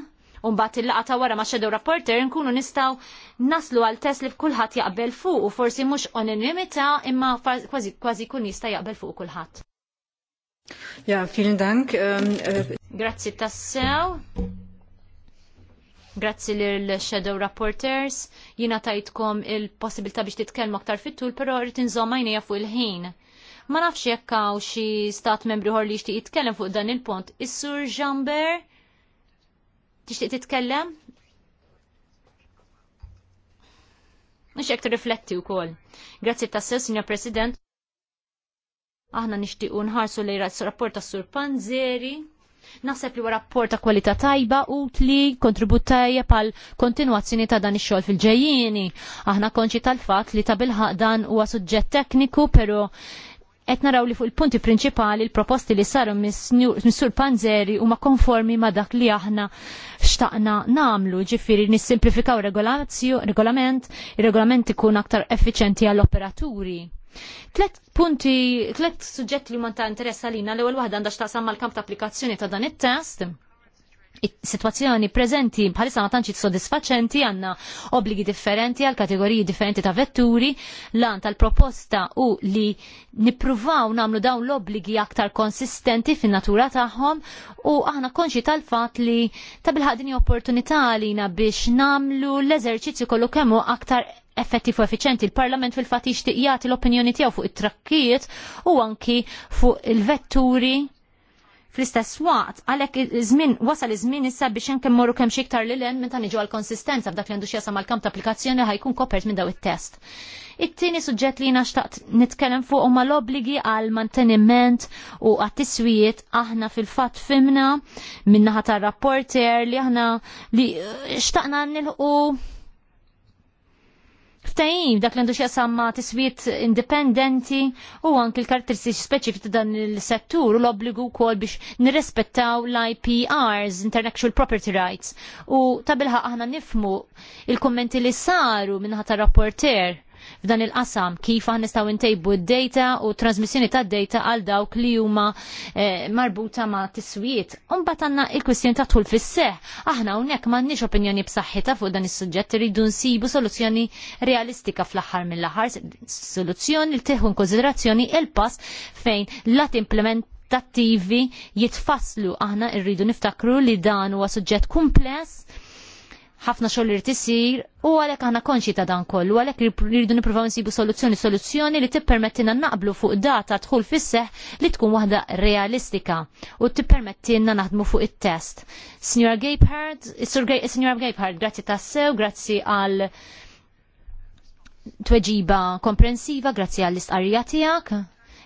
Umbat il-laqa ta' wara ma' Shadow Rapporter nkunu nistaw naslu għal test li kulħadd jaqbel fuq u forsi mhux anonimita imma kważi kważi kun jista' jaqbel fuq kulħadd. Ja, vielen Dank. Ähm, äh, Grazzi tassew. Grazzi l-Shadow Rapporters. Jina tajtkom il-possibilità biex titkellmu aktar fit-tul, però rrid inżomma fuq il-ħin. Ma nafx jekk hawn xi stat membri ħor li jixtieq jitkellem fuq dan il-pont. Is-Sur Jamber Tixtieq titkellem? Nix jek rifletti wkoll. Grazzi tassel Signor President. Aħna nixtiequ nħarsu li rapport tas Sur Panzeri. Naħseb li huwa rapport ta' kwalità tajba utli kontribut tajjeb għal kontinwazzjoni ta' dan ix-xogħol fil-ġejjieni. Aħna konċi tal-fatt li ta' bilħaq dan huwa suġġett tekniku, però qed naraw li fuq il-punti prinċipali l-proposti li saru mis-sur Panzeri huma konformi ma' dak li aħna xtaqna namlu, ġifiri nissimplifikaw regolament, il-regolament ikun aktar effiċenti għall-operaturi. Tlet punti, tlet suġġetti li ta' interess għalina, l-ewwel waħda għandha x'taqsam mal-kamp ta' applikazzjoni ta' dan it-test, situazzjoni prezenti bħalissa ma tantx sodisfaċenti għandna obbligi differenti għal kategoriji differenti ta' vetturi lan tal-proposta u li nippruvaw nagħmlu dawn l-obbligi aktar konsistenti fin-natura tagħhom u aħna konxi tal-fatt li ta' bilħadini opportunità għalina biex nagħmlu l-eżerċizzju kollu kemmu aktar effettiv u effiċenti. Il-Parlament fil-fatt jixtieq jagħti l-opinjoni tiegħu fuq it-trakkiet u anki fuq il-vetturi Fl-istess waqt, għalhekk iż-żmien wasal iż-żmien issa biex anke morru kemm xi iktar lil hemm meta niġu għall-konsistenza f'dak li għandu xi jasam għall-kamp ta' applikazzjoni ħajkun kopert minn daw it-test. It-tieni suġġett li xtaqt nitkellem fuq huma l-obbligi għal manteniment u għat-tiswijiet aħna fil-fatt fimna minnaħa tar-rapporter li aħna li eh, xtaqna nilħu ftehim dak li għandu xjasam ma' tiswiet indipendenti u anki l-karakteristiċi speċifi ta' dan il-settur u l-obbligu wkoll biex nirrespettaw l-IPRs, Intellectual Property Rights. U ta' aħna nifmu il-kommenti li saru minnaħa rapporter f'dan il-qasam kif aħna nistgħu ntejbu d-data u trasmissjoni ta' data għal dawk li huma eh, marbuta ma' tiswiet. Imbagħad għandna il-kwistjoni ta' tul fis-seħ. Aħna hawnhekk m'għandniex opinjoni b'saħħitha fuq dan is-suġġett irridu nsibu soluzzjoni realistika fl-aħħar mill-aħħar, soluzzjoni li tieħu konsiderazzjoni il-pass fejn la implement tattivi jitfasslu aħna rridu niftakru li dan huwa suġġett kumpless ħafna xogħol li tisir u għalhekk aħna konxi ta' dan kollu, għalhekk rridu nippruvaw nsibu soluzzjoni soluzzjoni li tippermettina naqblu fuq data dħul fisseħ li tkun waħda realistika u tippermettilna naħdmu fuq it-test. Signora Gapehard, Signora Gapehard, grazzi tassew, grazzi għal tweġiba komprensiva, grazzi għall-istqarrija tiegħek.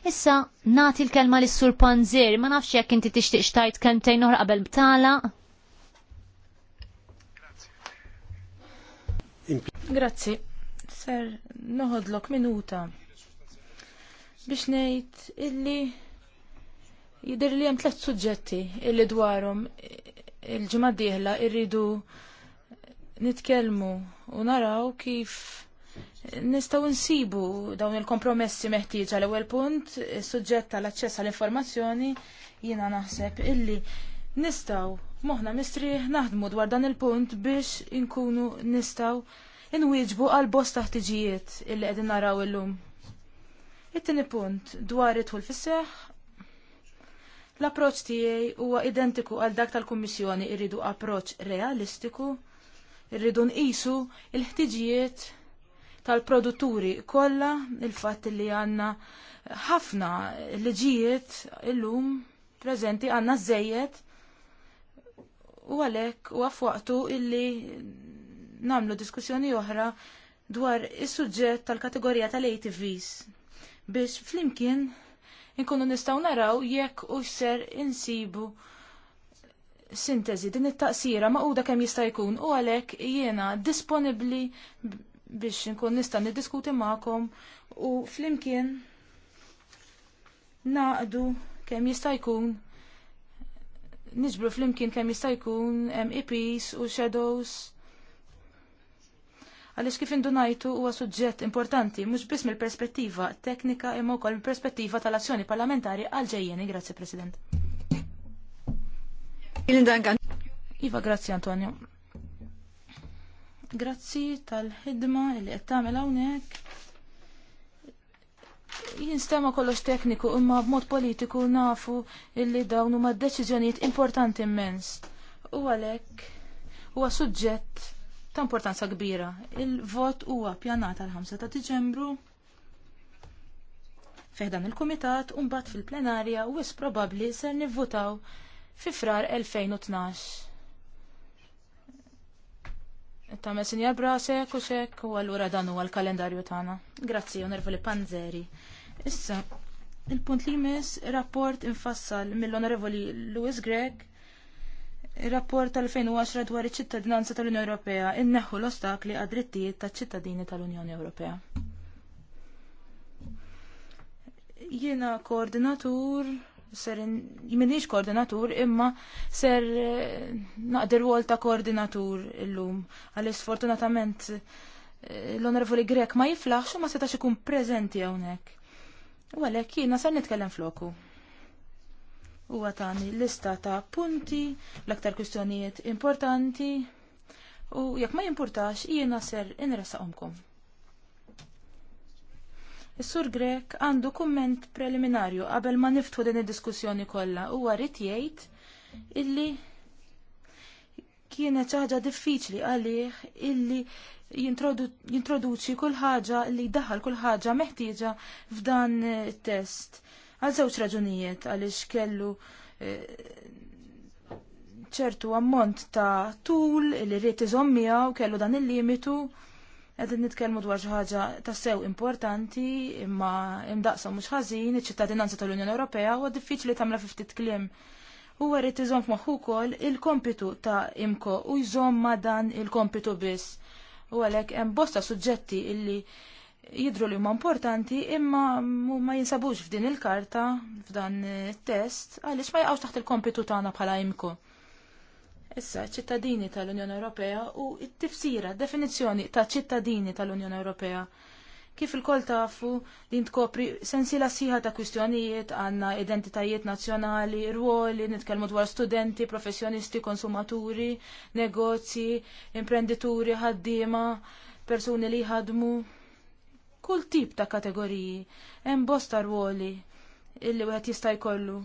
Issa, nati l-kelma l-sur Panzer, ma nafx jekk inti tixtieq xtajt kemtejn oħra qabel btala. Grazzi. Ser noħodlok minuta biex ngħid illi jidher li hemm tliet suġġetti illi dwarhom il-ġimgħa d-dieħla irridu nitkellmu u naraw kif Nistaw nsibu dawn il-kompromessi meħtieġa l ewwel punt, suġġett tal-aċċess għall-informazzjoni, jiena naħseb illi nistaw moħna mistri naħdmu dwar dan il-punt biex inkunu nistaw inwieġbu għal bosta ħtiġijiet illi qegħdin naraw illum. It-tieni punt dwar idħul fis fisseħ. L-approċ tiegħi huwa identiku għal dak tal-Kummissjoni irridu approċ realistiku, irridu nqisu il-ħtiġijiet tal-produtturi kollha il-fatt li għandna ħafna liġijiet illum preżenti għandna żejjed u għalhekk u għafwaqtu illi namlu diskussjoni oħra dwar is-suġġett tal-kategorija tal-ATVs biex flimkien inkunu nistgħu naraw jekk u ser insibu sintesi din it-taqsira maquda kemm jista' jkun u għalhekk jiena disponibbli biex inkun nista' niddiskuti magħkom u flimkien naqdu kemm jista' jkun niġbru flimkien kemm jista' jkun MEPs u shadows għaliex kif indunajtu huwa suġġett importanti mhux biss mill-perspettiva teknika imma wkoll mill-perspettiva tal-azzjoni parlamentari għal Grazie, President. Iva, grazzi Antonio. Grazzi tal-ħidma li qed tagħmel hawnhekk. Jinstema kollox tekniku imma b'mod politiku nafu illi dawn huma deċiżjonijiet importanti immens. U għalhekk huwa suġġett ta' importanza kbira. Il-vot huwa pjanat għal 5 ta' Diċembru feħdan il-Kumitat u mbagħad fil-plenarja u wis probabbli ser nivvutaw fi frar 2012. Tamme sinja brasek u xek u għallura dan huwa l-kalendarju tagħna. Grazzi, Onorvoli Panzeri. Issa, il-punt li jmiss rapport infassal mill-onorevoli Louis Gregg Ir-rapport tal-2010 dwar iċ-ċittadinanza tal-Unjoni Ewropea inneħħu l-ostakli għad drittijiet taċ-ċittadini tal-Unjoni Ewropea. Jiena koordinatur ser minix koordinatur imma ser eh, naqder wol ta' koordinatur illum għal sfortunatament eh, l-onorevoli Grek ma jiflaħx u ma setax ikun preżenti hawnhekk. U għalhekk jiena ser nitkellem floku u għatani lista ta' punti, l-aktar kustjonijiet importanti u jekk ma jimpurtax jiena ser inresaqomkom. Is-sur Grek għandu kumment preliminarju qabel ma niftħu din id-diskussjoni kollha u għarit jgħid illi kienet ħaġa diffiċli għalih illi jintroduċi kull ħaġa li daħal kull ħaġa meħtieġa f'dan it-test. Għal żewġ raġunijiet għaliex kellu eh, ċertu ammont ta' tul li rrid iżomm miegħu kellu dan il-limitu qegħdin nitkellmu dwar xi ħaġa ta' sew importanti imma imdaqsa mhux ħażin iċ-ċittadinanza tal-Unjoni Ewropea huwa diffiċli tagħmla fi ftit kliem. Huwa rrid iżomm f'moħħu wkoll il-kompitu ta' imko u jżomm ma' dan il-kompitu biss. U għalhekk hemm bosta suġġetti illi jidru li huma importanti imma ma jinsabux f'din il-karta f'dan it-test għaliex ma jgħawx taħt il-kompitu tagħna bħala jimku. Issa ċittadini tal-Unjoni Ewropea u t-tifsira, definizzjoni ta' ċittadini tal-Unjoni Ewropea. Kif il-kol tafu din tkopri sensiela siħa ta' kwistjonijiet għandna identitajiet nazzjonali, ruoli, nitkellmu dwar studenti, professjonisti, konsumaturi, negozji, imprendituri, ħaddiema, persuni li ħadmu kull tip ta' kategoriji, hemm bosta rwoli illi wieħed jista' jkollu.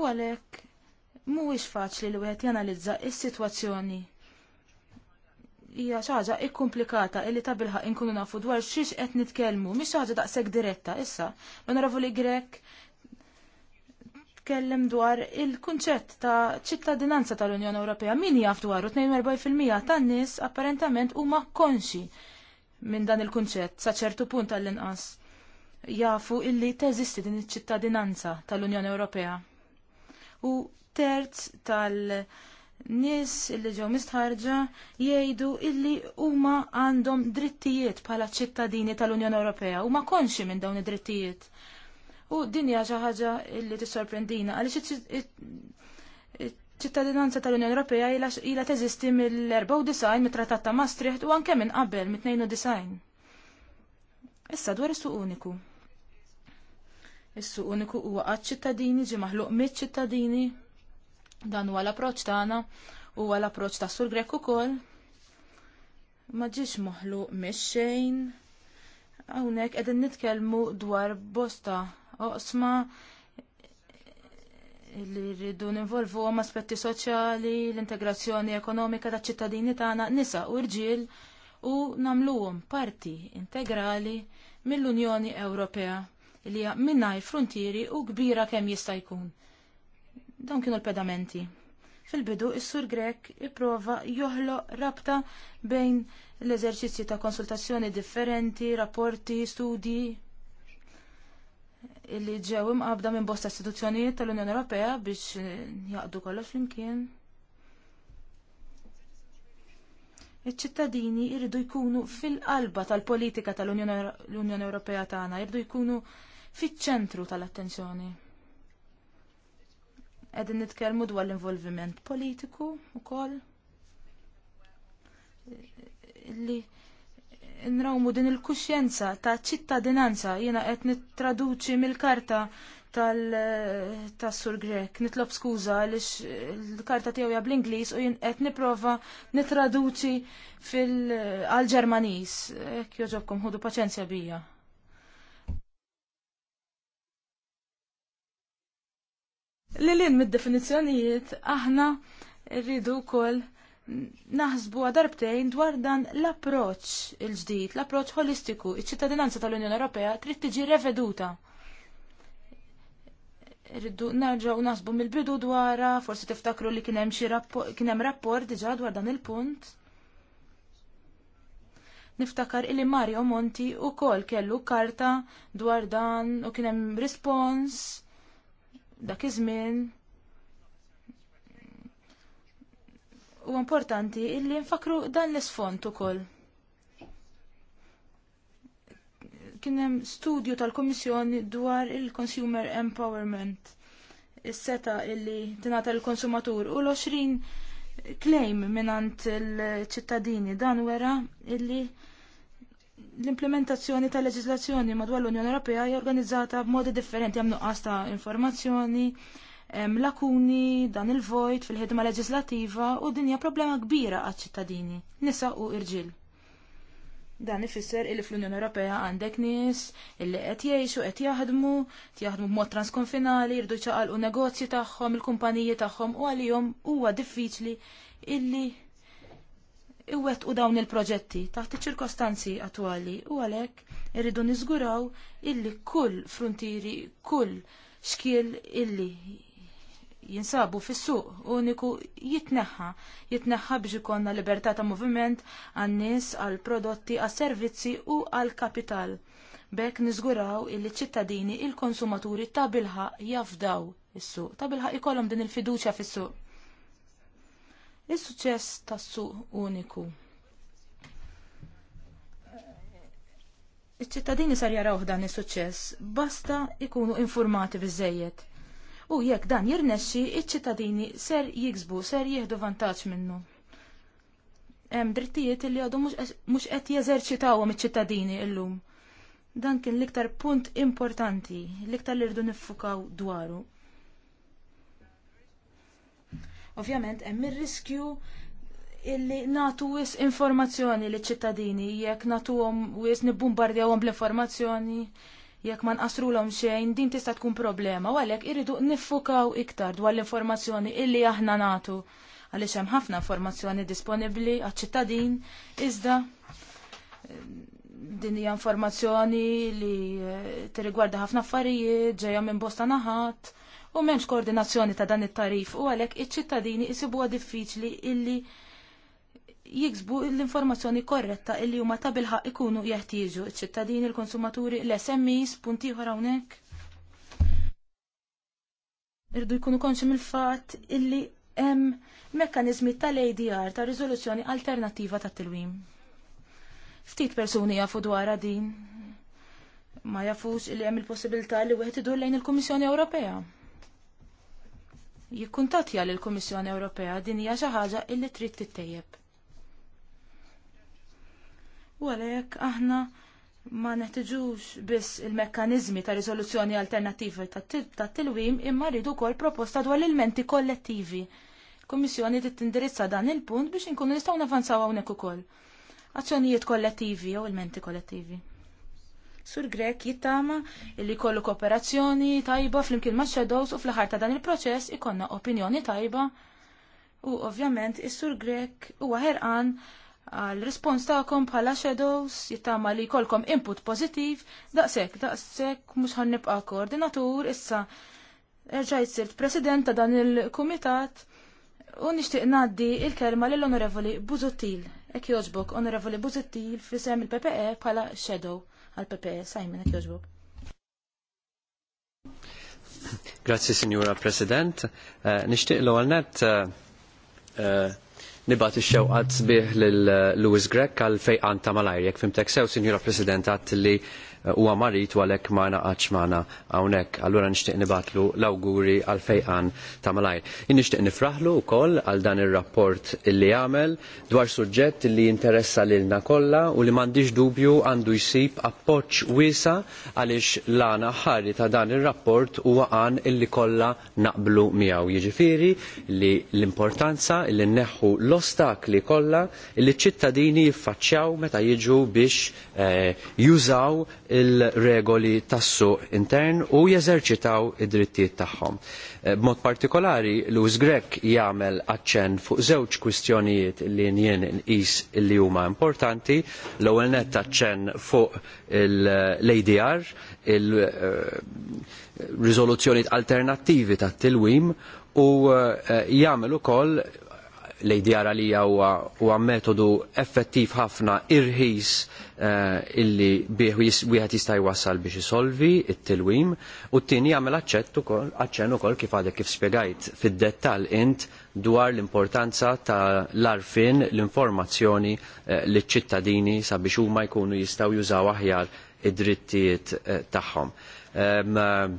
U għalhekk mhuwiex faċli li wieħed janalizza s-sitwazzjoni. Hija xi ħaġa ikkumplikata illi ta' bilħaq inkunu nafu dwar xiex qed nitkellmu, mhix xi ħaġa daqshekk diretta issa. L-Onorevoli Grek tkellem dwar il-kunċett ta' ċittadinanza tal-Unjoni Ewropea. Min jaf dwar 42% tan-nies apparentament huma konxi minn dan il-kunċett sa' ċertu punt tal-inqas jafu illi teżisti din iċ-ċittadinanza tal-Unjoni Ewropea. U terz tal-nies illi ġew mistħarġa jgħidu illi huma għandhom drittijiet bħala ċittadini tal-Unjoni Ewropea, huma konxi minn dawn id-drittijiet U dinja xi ħaġa li tissorprendina għaliex ċittadinanza tal-Unjoni Ewropea ilha teżisti mill-94 mit tratat ta' Maastricht u anke minn qabel mit-92. Issa dwar is-suq uniku. Is-suq uniku huwa għad ċittadini ġi maħluq mit-ċittadini dan huwa l-approċċ tagħna huwa l-approċċ tas Sur Grek ukoll. Ma ġiex maħluq mix-xejn. Hawnhekk qegħdin nitkellmu dwar bosta oqsma li rridu ninvolvu għom aspetti soċjali, l-integrazzjoni ekonomika ta' ċittadini tagħna nisa u rġil u namluhom parti integrali mill-Unjoni Ewropea li hija minnaj frontieri u kbira kemm jista' jkun. Dawn kienu l-pedamenti. Fil-bidu, is-sur Grek ipprova joħloq rabta bejn l-eżerċizzji ta' konsultazzjoni differenti, rapporti, studji, li ġew imqabda minn bosta istituzzjonijiet tal-Unjoni Ewropea biex eh, jaqdu kollox flimkien. Iċ-ċittadini jridu jkunu fil-qalba tal-politika tal-Unjoni Ewropea tagħna, jridu jkunu fiċ-ċentru tal-attenzjoni. Qegħdin nitkellmu dwar l-involviment politiku wkoll eh, li nrawmu din il-kuxjenza ta' ċittadinanza jiena qed nittraduċi mill-karta tal-sur Grek. Nitlob skuża għaliex l-karta tiegħu hija bl-Ingliż u jien qed nipprova nittraduċi fil ġermaniż Hekk joġobkom ħudu paċenzja bija. Lilin mid-definizzjonijiet aħna rridu wkoll naħsbu darbtejn dwar dan l-approċ il-ġdid, l-approċ holistiku. Iċ-ċittadinanza tal-Unjoni Ewropea trid tiġi reveduta. Riddu narġaw naħsbu mill-bidu dwara, forsi tiftakru li kien hemm xi rapport diġà dwar dan il-punt. Niftakar illi Mario Monti u kol kellu karta dwar dan u kien hemm rispons dak iż-żmien U importanti illi nfakru dan l isfond ukoll. Kien hemm studju tal-Kummissjoni dwar il-Consumer Empowerment. Is-seta illi tingħata l-konsumatur u l-20 claim minant il-ċittadini dan wera illi l-implementazzjoni tal leġislazzjoni madwar l-Unjoni Ewropea hija organizzata b'modi differenti hemm nuqqas ta' informazzjoni, lakuni dan il-vojt fil-ħidma leġislativa u din hija problema kbira għad ċittadini nisa u irġiel. Dan ifisser illi fl-Unjoni Ewropea għandek nies illi qed jgħixu qed jaħdmu, jaħdmu b'mod transkonfinali, jridu ċaqalqu negozji tagħhom, il-kumpaniji tagħhom u għalihom huwa diffiċli illi iwettqu dawn il-proġetti taħt iċ-ċirkostanzi attwali u għalhekk irridu niżguraw illi kull frontieri, kull xkiel illi jinsabu fis-suq uniku jitneħħa, jitneħħa biex ikonna libertà ta' moviment għan-nies, għall prodotti għas servizzi u għall kapital. B'hekk niżguraw il-ċittadini il-konsumaturi ta' bilħa jafdaw is-suq, ta' bilħa ikollhom din il-fiduċja fis-suq. Is-suċċess tas-suq uniku. Iċ-ċittadini sar jaraw dan is-suċċess basta ikunu informati biżejjed u jekk dan jirnexxi iċ-ċittadini ser jiksbu, ser jieħdu vantaġġ minnu. Hemm drittijiet li għadu mhux qed jeżerċitawhom iċ-ċittadini llum. Dan kien l-iktar punt importanti, l-iktar li rridu niffukaw dwaru. Ovvjament hemm ir-riskju illi natu wis informazzjoni li ċittadini, jekk natuhom wis nibbombardjawhom bl-informazzjoni, jekk ma nqasrulhom xejn din tista' tkun problema u għalhekk irridu niffukaw iktar dwar l-informazzjoni illi aħna nagħtu għaliex hemm ħafna informazzjoni disponibbli għaċ-ċittadin iżda eh, din hija informazzjoni li eh, tirrigwarda ħafna affarijiet ġejja minn bosta naħat u m'hemmx koordinazzjoni ta' dan it-tarif u għalhekk iċ-ċittadini jsibuha diffiċli illi jiksbu l-informazzjoni korretta illi huma ta' bilħa ikunu jeħtieġu ċ ċittadini il-konsumaturi, l-SMEs, punti hawnhekk. Irdu jkunu konxi mill-fatt illi hemm mekkaniżmi tal-ADR ta' riżoluzzjoni alternattiva ta' tilwim. Ftit persuni jafu dwar din. Ma jafux illi hemm il-possibilità li wieħed idur lejn il-Kummissjoni Ewropea jikkuntatja l kummissjoni Ewropea din hija xi ħaġa illi trid tittejjeb. U għalhekk aħna ma neħtiġux biss il-mekkanizmi ta' rizoluzzjoni alternattivi ta' tilwim imma rridu wkoll proposta dwar l-elementi kollettivi. Kummissjoni trid tindirizza dan il-punt biex inkunu nistgħu navanzaw hawnhekk ukoll. Azzjonijiet kollettivi jew elementi kollettivi. Sur Grek jittama illi kollu kooperazzjoni tajba fl-imkien ma' shadows u fl-ħar ta' dan il-proċess ikonna opinjoni tajba u ovvjament is-Sur Grek huwa ħerqan għal rispons ta'kom bħala shadows jittama li kolkom input pozitiv daqsek, daqsek mux ħannibqa koordinatur issa rġajt sirt president ta' dan il-komitat u nishtiq naddi il-kelma l onorevoli Buzuttil ek joġbok onorevoli Buzuttil fisem il-PPE bħala shadow għal PPE Simon ek joġbok Grazie signora President. Uh, eh, nishtiq l-għalnet uh, eh, uh, eh, Nibat ix għad sbiħ l-Lewis Grek għal fejqan ta' malajr, jekk fimtek sew, Sinjura Presidenta, għad li Eh, huwa marit u għalhekk ma għax maħna hawnhekk. Allura nixtieq nibatlu l-awguri għal fejqan ta' malajr. In nixtieq nifraħlu wkoll għal dan ir-rapport illi għamel dwar suġġett li interessa lilna kollha u li m'għandix dubju għandu jsib appoġġ wiesa għaliex l-għana ħari ta' dan ir-rapport huwa għan illi kollha naqblu miegħu. Jiġifieri li l-importanza illi nneħħu l-ostakli kollha li ċ-ċittadini jiffaċċjaw meta jiġu biex eh, jużaw il-regoli tas-suq intern u jeżerċitaw id-drittijiet tagħhom. Eh, b'mod partikolari Lewis Grek jagħmel aċċenn fuq żewġ kwistjonijiet li jien nqis li huma importanti. L-ewwel nett aċċenn fuq l-ADR, il-riżoluzzjoni eh, alternattivi tat-tilwim u eh, jagħmel ukoll l-idea li huwa metodu effettiv ħafna irħis uh, illi wieħed jista' jwassal biex isolvi it-tilwim u t-tieni jagħmel aċċett ukoll aċċenn ukoll kif għadek kif spjegajt fid-dettall int dwar l-importanza ta' l-arfin l-informazzjoni uh, eh, liċ-ċittadini sabiex huma jkunu jistgħu jużaw aħjar id-drittijiet uh, tagħhom. Um,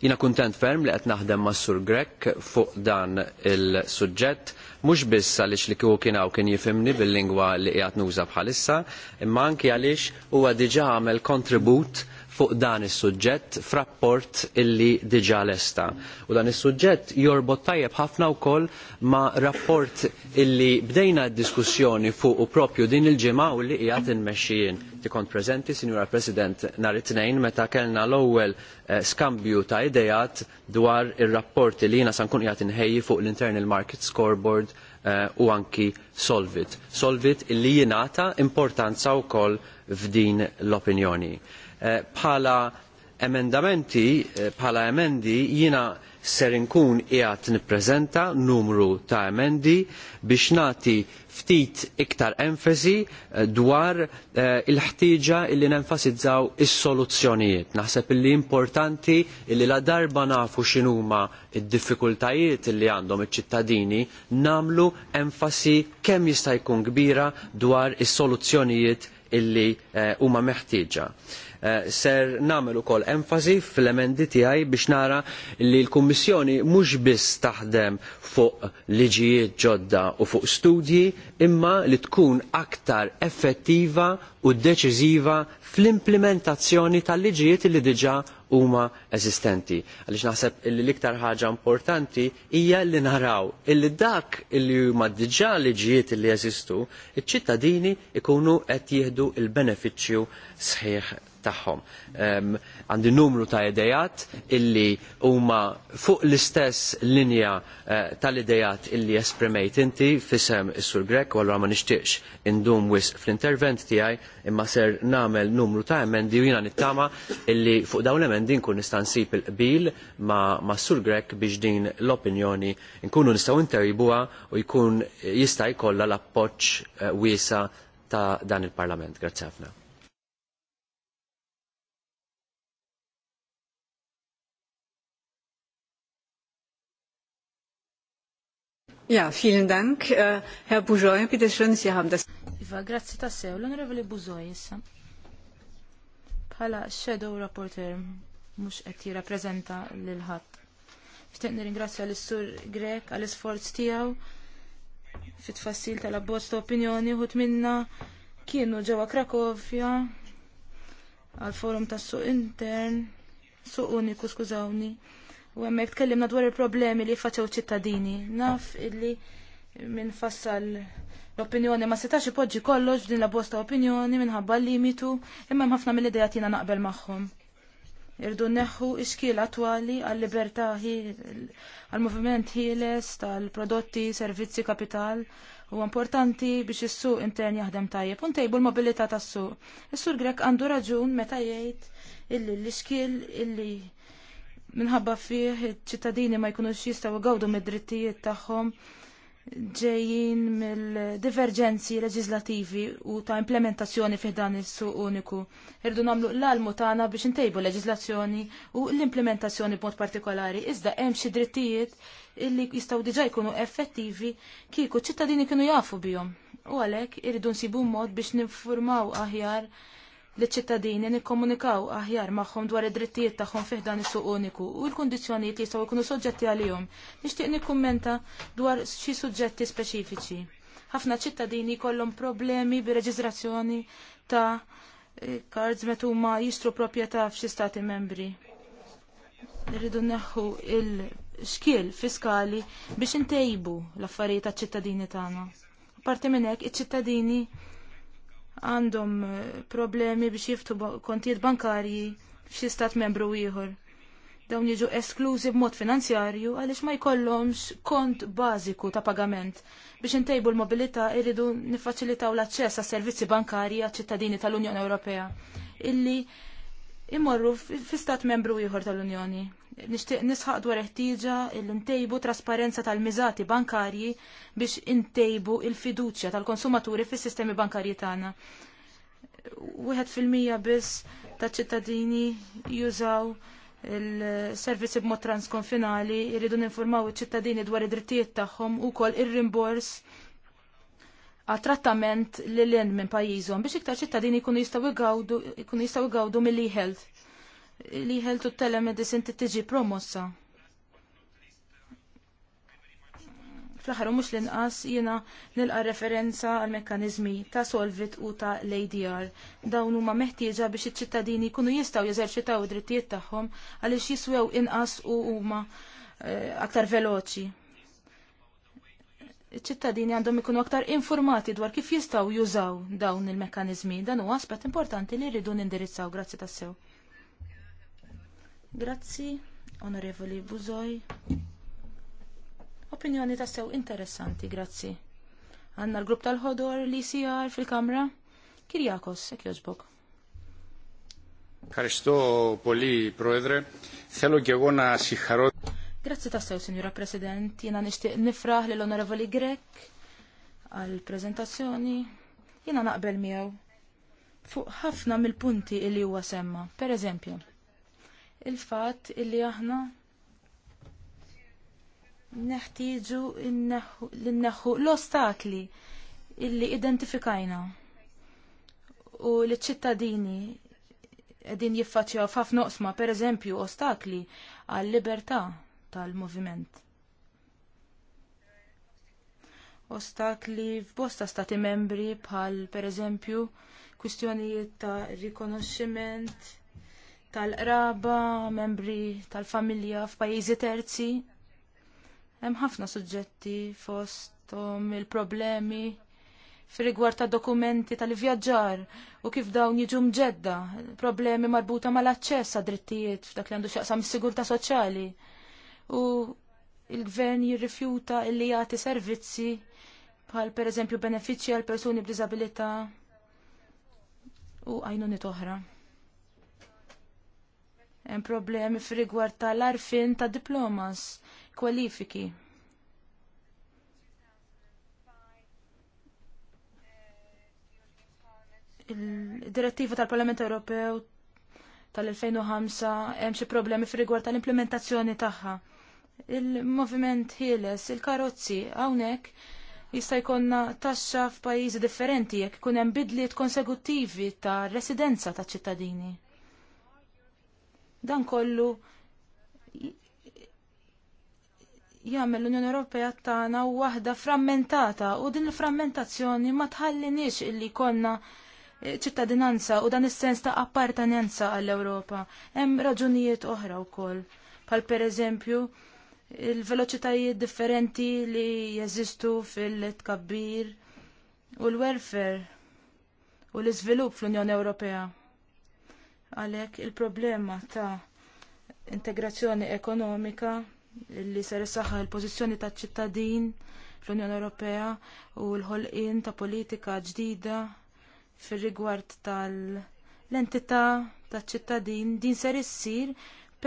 Jina kuntent ferm li qed naħdem mas Sur Grek fuq dan il-suġġett mhux biss għaliex li kieku kien hawn kien jifhimni bil-lingwa li qiegħed nuża bħalissa, imma anki għaliex huwa diġà għamel kontribut fuq dan is-suġġett f'rapport illi diġà lesta. U dan is-suġġett jorbot tajjeb ħafna wkoll ma' rapport illi bdejna d-diskussjoni fuq u propju din il-ġimgħa u li qiegħed inmexxijin. Tikont preżenti, Sinjura President, nhar it-tnejn meta kellna l-ewwel eh, skambju ta' idejat dwar ir-rapport li jiena sankun qiegħed inħejji fuq l-Internal Market Scoreboard eh, u anki Solvit. Solvit li jingħata importanza wkoll f'din l-opinjoni bħala eh, emendamenti bħala eh, emendi jiena ser inkun qiegħed nippreżenta numru ta' emendi biex nagħti ftit iktar enfasi eh, dwar il-ħtieġa illi nenfasizzaw is-soluzzjonijiet. Naħseb illi importanti illi la darba nafu x'inhuma il diffikultajiet illi għandhom iċ-ċittadini namlu enfasi kemm jista' jkun kbira dwar is-soluzzjonijiet illi huma meħtieġa. Uh, Eh, ser nagħmel ukoll enfasi fl-emendi tiegħi biex nara li l-Kummissjoni mhux biss taħdem fuq liġijiet ġodda u fuq studji imma li tkun aktar effettiva u deċiżiva fl-implementazzjoni tal-liġijiet li diġà huma eżistenti. Għaliex naħseb li l-iktar ħaġa importanti hija li naraw illi dak illi huma diġà liġijiet li jeżistu, iċ-ċittadini ikunu qed jieħdu l benefiċċju sħiħ tagħhom għandi numru ta' idejat illi huma fuq l-istess linja eh, tal-idejat illi esprimejt inti fisem is-Sur Grek u allura ma nixtieqx indum wisq fl-intervent tiegħi imma ser nagħmel numru ta' emendi u jiena nittama illi fuq dawn l-emendi nkun nista' nsib il-qbil ma' Sur Grek biex din l-opinjoni nkunu nistgħu interjibuha u jkun jista' jkollha l-appoġġ eh, wiesa' ta' dan il-Parlament. Grazzi ħafna. Ja, vielen Dank. Uh, Herr Bujoy, bitte schön, Sie haben das. Iva, grazzi ta' sew. L-Onorevoli Bujoy, issa. Bħala Shadow Rapporteur, mux qed jirrappreżenta lil ħadd. Ftit nirringrazzja l-Sur Grek għall-isforz tiegħu fit-tfassil tal-abbozz ta' opinjoni ħut minna kienu ġewwa Krakovja għal forum tas-suq intern, suq uniku skużawni. U hemmhekk tkellimna dwar il-problemi li faċaw ċittadini. Naf illi minn fassal l-opinjoni ma setax ipoġġi kollox din la bosta opinjoni minħabba limitu imma hemm ħafna mill-idejat jiena naqbel magħhom. Irdu neħu iskil attwali għal-libertà għal movement ħieles tal-prodotti, servizzi, kapital u importanti biex is-suq intern jaħdem tajjeb. tejbu l-mobilità tas-suq. Is-sur Grek għandu raġun meta jgħid illi l-iskil illi minħabba fih ċittadini ma jkunux jistaw għawdu mid-drittijiet tagħhom ġejjin mill-diverġenzi leġislativi u ta' implementazzjoni fih dan is-suq uniku. Irdu nagħmlu l-almu tagħna biex intejbu leġislazzjoni u l-implementazzjoni b'mod partikolari iżda hemm xi drittijiet illi jistgħu diġà jkunu effettivi kieku ċittadini kienu jafu bihom. U għalhekk irridu nsibu mod biex ninfurmaw aħjar li ċittadini nikkomunikaw aħjar magħhom dwar id-drittijiet tagħhom fih dan is-suq uniku u l-kundizzjonijiet li jistgħu jkunu soġġetti għalihom. Nixtieq nikkummenta dwar xi suġġetti speċifiċi. Ħafna ċittadini jkollhom problemi bir-reġistrazzjoni ta' eh, cards meta huma jistru proprjetà f'xi stati membri. Irridu neħħu il-xkiel fiskali biex intejbu l-affarijiet tal ċittadini tagħna. Parti minn hekk iċ-ċittadini għandhom eh, problemi biex jiftu kontijiet bankarji f'xi stat membru ieħor. Dawn jiġu esklużi b'mod finanzjarju għaliex ma jkollhomx kont bażiku ta' pagament. Biex intejbu l-mobilità irridu niffaċilitaw l-aċċess għas servizzi bankarji għaċ ċittadini tal-Unjoni Ewropea illi imorru fi stat membru ieħor tal-Unjoni nixtieq nisħaq dwar ħtieġa l ntejbu trasparenza tal-miżati bankarji biex intejbu il-fiduċja tal-konsumaturi fis-sistemi bankarji tagħna. Wieħed fil-mija biss taċ ċittadini jużaw il-servizzi b'mod transkonfinali, jridu ninformaw iċ-ċittadini dwar id-drittijiet tagħhom ukoll ir-rimbors għal trattament li l minn pajjiżhom biex iktar ċittadini jkunu jistgħu jgawdu mill-e-health li ħeltu telemedicine tiġi promossa. Fl-aħħar u mhux l-inqas jiena nilqa referenza għal mekkaniżmi ta' Solvit u ta' l-ADR. Dawn huma meħtieġa biex iċ-ċittadini kunu jistgħu jeżerċitaw id-drittijiet tagħhom għaliex jiswew inqas u huma eh, aktar veloċi. Iċ-ċittadini għandhom ikunu aktar informati dwar kif jistgħu jużaw dawn il-mekkaniżmi. Dan huwa aspett importanti li rridu nindirizzaw. Grazzi tassew. Grazzi, onorevoli Buzoj. Opinjoni ta' sew interessanti, grazzi. Għanna l-grupp tal-ħodor li sijar fil-kamra. Kirjakos, ek joġbok. Ευχαριστώ poli, proedre. Θέλω għegona εγώ να συγχαρώ. Grazie Signora President. Jena nishtiq nifraħ l onorevoli Grek għal-prezentazzjoni. Jena naqbel miegħu fuq ħafna mill-punti li huwa semma. Per eżempju, il-fatt illi aħna neħtieġu l-neħu l-ostakli illi identifikajna u li ċittadini għedin jiffaċċjaw f'ħafna noqsma, per eżempju, ostakli għal libertà tal-moviment. Ostakli f'bosta stati membri bħal per eżempju kwistjonijiet ta' rikonoxximent tal-qraba, membri tal-familja f'pajjiżi terzi. Hemm ħafna suġġetti fosthom il-problemi fir ta' dokumenti tal-vjaġġar u kif dawn jiġu mġedda, problemi marbuta mal-aċċess għad drittijiet f'dak li għandu xaqsam is-sigurtà soċjali. U l gvern jirrifjuta li jagħti servizzi bħal pereżempju benefiċċji għal persuni b'diżabilità u għajnuni toħra. Hemm problemi f'rigward tal-arfin ta' diplomas, kwalifiki. Il-direttiva tal-Parlament Ewropew tal-2005 hemm xi problemi f'rigward tal-implementazzjoni tagħha. Il-moviment ħieles, il-karozzi hawnhekk jista' jkollna taxxa f'pajjiżi differenti jekk ikun hemm bidliet konseguttivi ta' residenza ta' ċittadini. Dan kollu jammel l-Unjoni Ewropea tagħna waħda frammentata u din il-frammentazzjoni ma tħallinix illi konna eh, ċittadinanza u dan is-sens ta' appartenenza għall-Ewropa. Hemm raġunijiet oħra wkoll. Pal pereżempju il-veloċitajiet differenti li jeżistu fil-tkabbir u l-welfare u l-iżvilupp fl-Unjoni Ewropea. Għalhekk il-problema ta' integrazzjoni ekonomika li ser saħħa l-pożizzjoni taċ ċittadin fl-Unjoni Ewropea u l-ħolqien ta' politika ġdida fir-rigward tal-entità taċ ċittadin din ser issir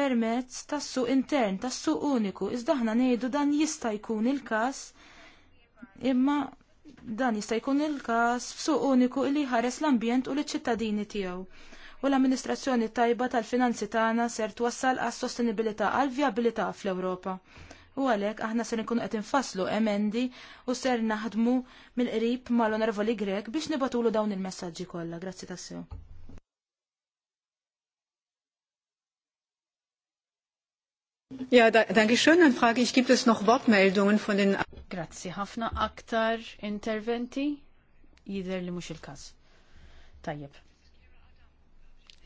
permezz tas-suq intern, tas-suq uniku. Iżda aħna ngħidu dan jista' jkun il-każ imma dan jista' jkun il-każ f'suq uniku li ħares l-ambjent u l-ċittadini tiegħu u l-amministrazzjoni tajba tal-finanzi tagħna ser twassal għas sostenibilità għal vjabilità fl-Ewropa. U għalhekk aħna ser nkunu qed infasslu emendi u ser naħdmu mill-qrib mal-Onorevoli Grek biex nibatulu dawn il-messaġġi kollha. Grazzi tassew. Ja, danke schön. Dann frage ich, gibt es noch Wortmeldungen von den... Grazzi, ħafna aktar interventi jider li mux il-kas. Tajjeb.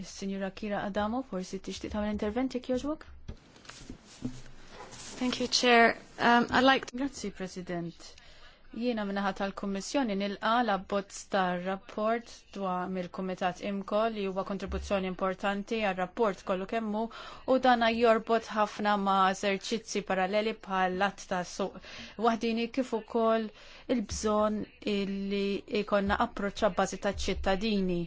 Signora Kira Adamo, forsi tixtieq tagħmel intervent jekk jogħġbok? Thank you, Chair. Um, I'd like... Grazzi, President. Jiena minnaħat tal-Kommissjoni nilqa la abbozz tar-rapport dwar mill-Kumitat IMCO li huwa kontribuzzjoni importanti għar-rapport kollu kemmu u dana jorbot ħafna ma' eżerċizzi paralleli bħal att ta' suq. Waħdini kif ukoll il-bżonn illi ikonna approċċa bażi taċ-ċittadini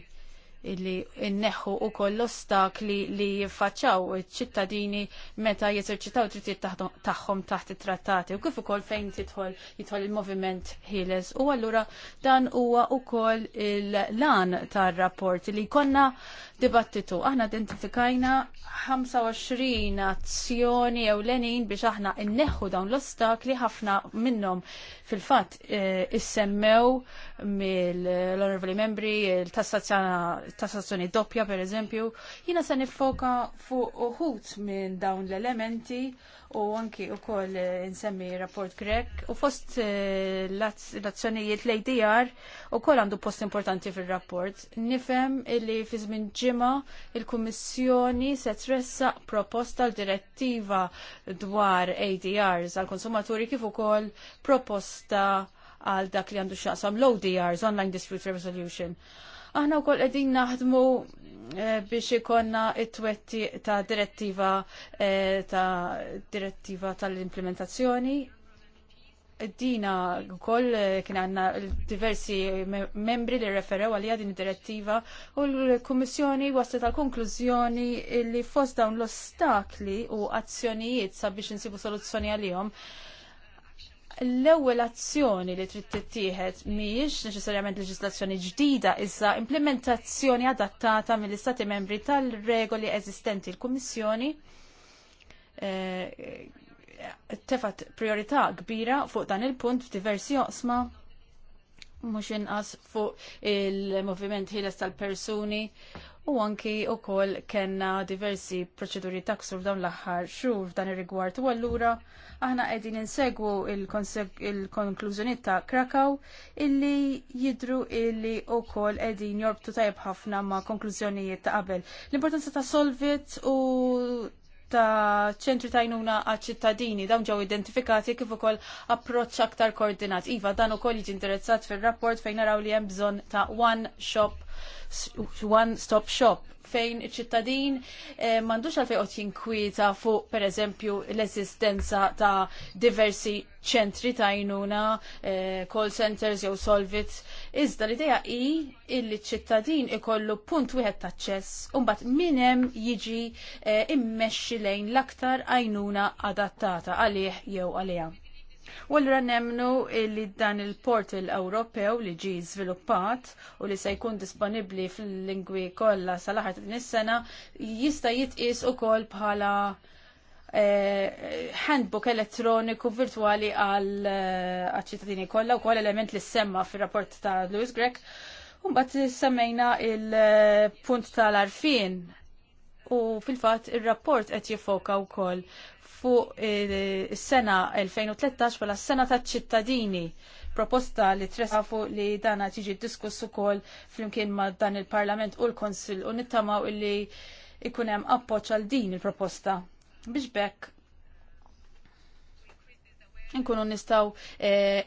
illi inneħħu u koll ostakli li jiffaċċaw iċ-ċittadini meta jeżerċitaw drittijiet tagħhom taħt it-trattati u kif ukoll fejn tidħol jidħol il-moviment ħieles. U allura dan huwa ukoll il-lan tar-rapport li konna dibattitu. Aħna identifikajna 25 azzjoni ewlenin biex aħna inneħħu dawn l-ostakli ħafna minnhom fil-fatt eh, issemmew mill onorvoli membri il-tassazzjoni doppja per eżempju, jina se nifoka fuq uħut minn dawn l-elementi u anki u koll insemmi eh, rapport grek u fost eh, l-azzjonijiet l-ADR u koll għandu post importanti fil-rapport. Nifem illi fi żmien ġimgħa il-Kummissjoni se tressaq proposta l-direttiva dwar ADRs għal konsumaturi kif ukoll proposta għal dak li għandu xaqsam l-ODRs, Online Dispute Resolution. Aħna u koll edin naħdmu Eh, biex ikonna it-twetti ta' direttiva eh, ta' direttiva tal-implementazzjoni dina koll eh, kien għanna diversi membri li referew għalija din direttiva u l-Kommissjoni waslet għal konklużjoni li fost dawn l-ostakli u azzjonijiet sabiex insibu soluzzjoni għalihom l-ewwel azzjoni li trid tittieħed mhijiex neċessarjament leġislazzjoni ġdida issa implementazzjoni adattata mill-Istati membri tal-regoli eżistenti l-Kummissjoni eh, tefat priorità kbira fuq dan il-punt f'diversi oqsma mhux inqas fuq il-moviment ħieles tal-persuni u anki wkoll kellna diversi proċeduri taksur dawn l-aħħar xhur f'dan ir-rigward u allura aħna qegħdin insegwu il-konklużjonijiet ta' Krakaw illi jidhru illi kol qegħdin jorbtu tajjeb ħafna ma' konklużjonijiet ta' qabel. L-importanza ta' Solvit u ta' ċentri ta' jnuna għal ċittadini dawn ġew identifikati kif ukoll approċċ aktar koordinat. Iva, dan ukoll jiġi interessat fir-rapport fejn naraw li hemm bżonn ta' one shop one-stop shop fejn iċ-ċittadin eh, mandux għalfej qed jinkwieta fuq pereżempju l-esistenza ta' diversi ċentri ta' jnuna, eh, call centers jew solvit. Iżda l-idea hi illi ċittadin ikollu punt wieħed ta' ċess u mbagħad min hemm jiġi eh, immexxi lejn l-aktar għajnuna adattata għalih jew għaliha. U l nemnu li dan il-portal Ewropew li ġi żviluppat u li se jkun disponibbli fil-lingwi kollha sal aħar ta' din is-sena jista' jitqies ukoll bħala eh, handbook elettroniku virtuali għal eh, ċittadini kollha wkoll element li semma fir-rapport ta' Louis Grek. Umbat semmejna il-punt eh, tal-arfin u fil-fat il-rapport qed jifoka wkoll fuq is-sena eh, 2013 bħala s-sena taċ-ċittadini proposta li tresa fuq li dana tiġi diskuss ukoll flimkien ma' dan il-Parlament u l-Konsil u nittamaw illi ikunem hemm għal din il-proposta. Biex bekk nkunu nistaw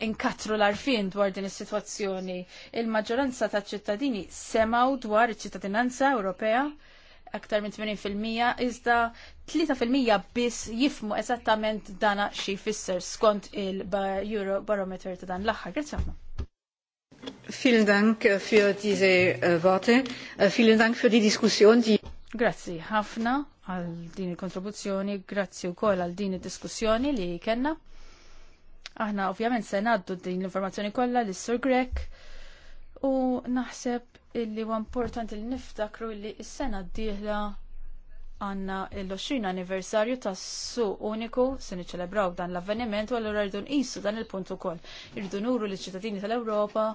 inkatru eh, l-arfin dwar din is-sitwazzjoni. Il-maġġoranza ta' ċittadini semaw dwar iċ-ċittadinanza Ewropea aktar minn 80% iżda 3% biss jifmu eżattament dana xi fisser skont il-Euro Barometer ta' dan l-aħħar. Grazzi ħafna. Vielen Dank für diese äh, Worte. Äh, vielen Dank für die Diskussion. Grazie Grazzi ħafna għal din il-kontribuzzjoni, grazzi wkoll għal din id-diskussjoni li kellna. Aħna ovvjament se ngħaddu din l-informazzjoni kollha lis sur Grek u naħseb illi huwa importanti li niftakru li s-sena d-dieħla għanna l-20 anniversarju tas suq uniku se niċċelebraw dan l-avveniment u allura rridu nqisu dan il-punt ukoll. Irridu nuru liċ-ċittadini tal-Ewropa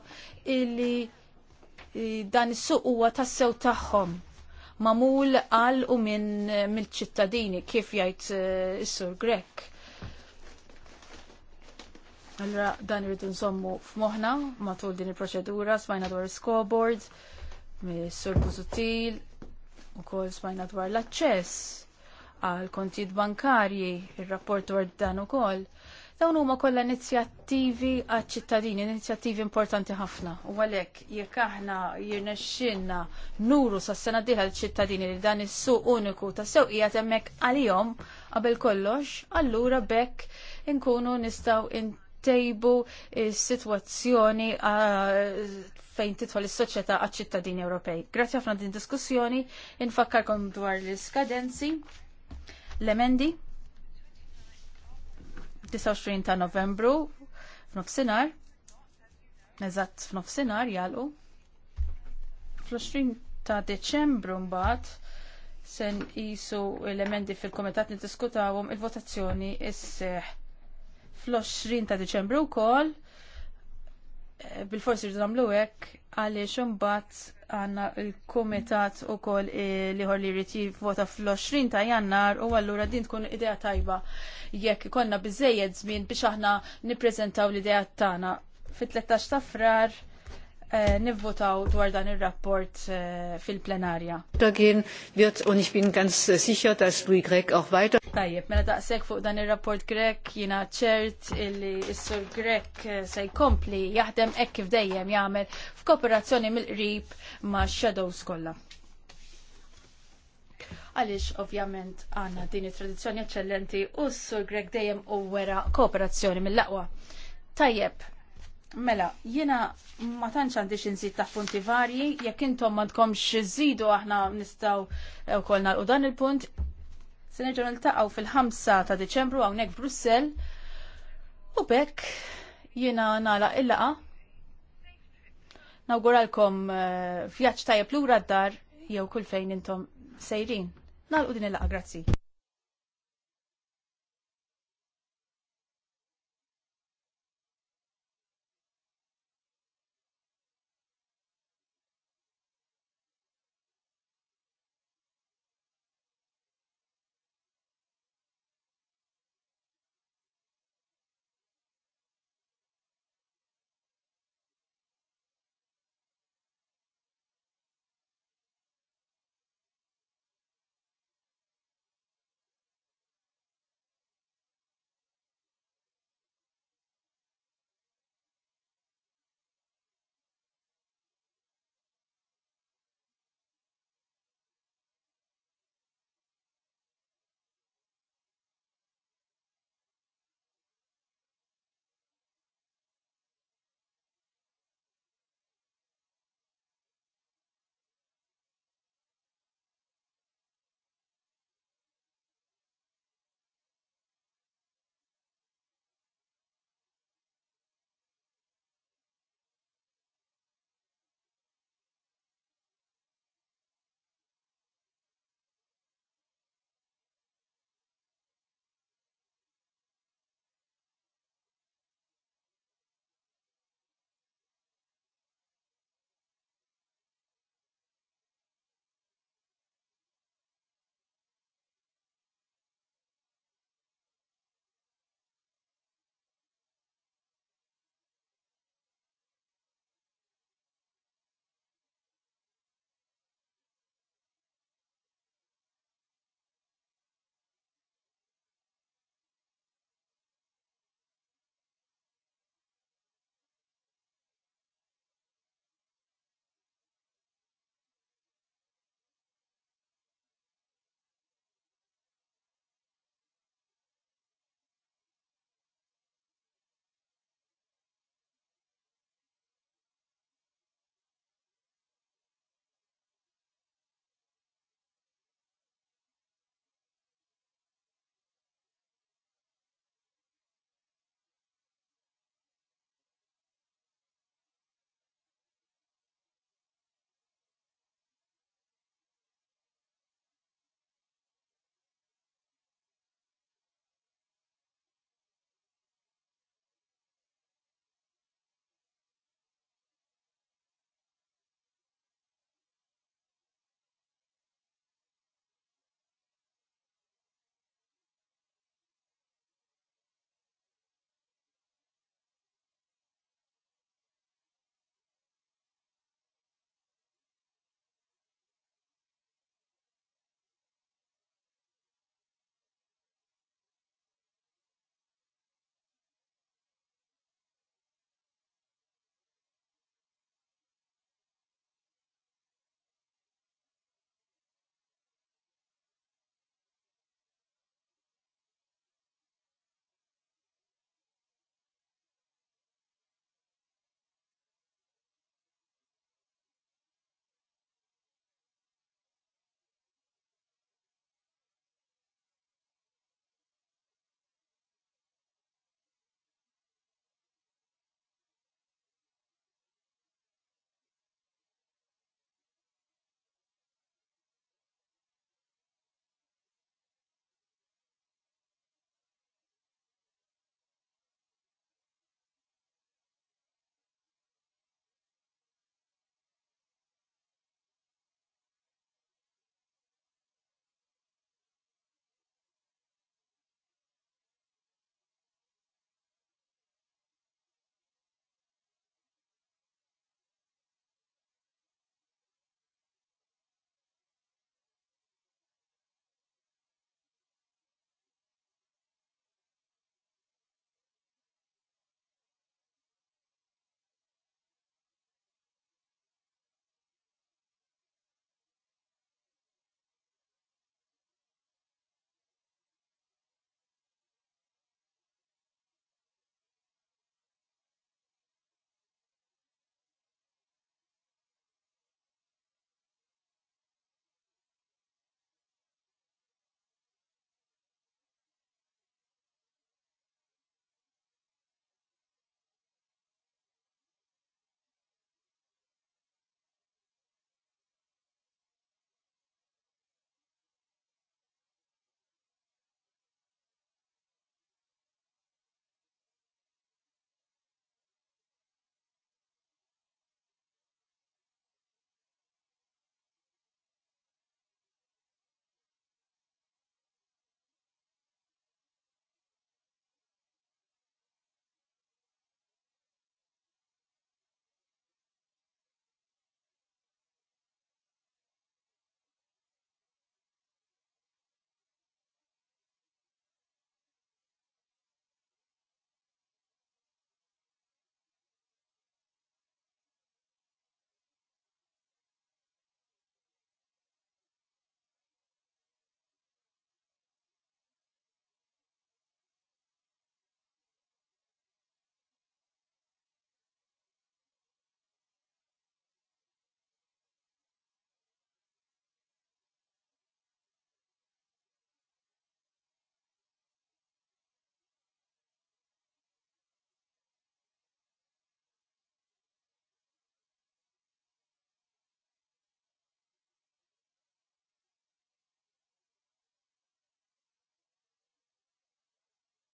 illi dan is-suq huwa tassew tagħhom mamul għal u minn mill-ċittadini kif jgħid eh, is-sur Grek Allora dan irridu nżommu f'moħħna matul din il-proċedura smajna dwar scoreboard, mis-sur u ukoll smajna dwar l-aċċess għal kontijiet bankarji, ir-rapport dwar dan ukoll. Dawn huma kollha inizjattivi għal ċittadini inizjattivi importanti ħafna. U għalhekk jekk aħna jirnexxinna nuru sas-sena d ċittadini li dan is-suq uniku ta' sew qiegħed hemmhekk għalihom qabel kollox, allura bekk inkunu nistgħu Tejbu s-sitwazzjoni fejn titħol is-soċjetà għaċ-ċittadini Ewropej. Grazzi ħafna din diskussjoni, infakkarkom dwar l-iskadenzi, l-emendi, 29 ta' novembru, f'nofsinhar, eżatt f'nofsinhar jalqu. Fl-20 ta' Deċembru mbagħad sen jisu l-emendi fil-komitat niddiskutawhom il-votazzjoni isseħ fl-20 ta' Deċembru wkoll eh, bil-forsi rridu nagħmlu hekk għaliex imbagħad għandna l-kumitat ukoll eh, liħor li jrid jivvota fl-20 ta' Jannar u allura din tkun idea tajba jekk konna biżejjed żmien biex aħna nippreżentaw l-idea tagħna fit-13 ta' frar Eh, nivvotaw dwar dan ir-rapport eh, fil-plenarja. Dagin wird und ich bin ganz äh, sicher dass Louis Grek auch weiter. Tajjeb, mela daqshekk fuq dan ir-rapport Grek jiena ċert illi s-sur Grek eh, se jkompli jaħdem hekk kif dejjem jagħmel f'kooperazzjoni mill-qrib ma' Shadows kollha. Għaliex ovvjament għandna din it-tradizzjoni eċċellenti u s-sur Grek dejjem u wera kooperazzjoni mill laqwa Tajjeb, Mela, jiena ma tantx għandi nżid ta' punti varji, jekk intom m'għandkomx żidu aħna nistgħu eh, wkoll nagħlqu dan il-punt. Se nerġgħu niltaqgħu fil-5 ta' Deċembru hawnhekk Brussell. U bekk jiena nagħlaq il-laqa. Nawguralkom eh, vjaġġ tajjeb lura d-dar jew kull fejn intom sejrin. Nagħlqu din il-laqa, grazzi.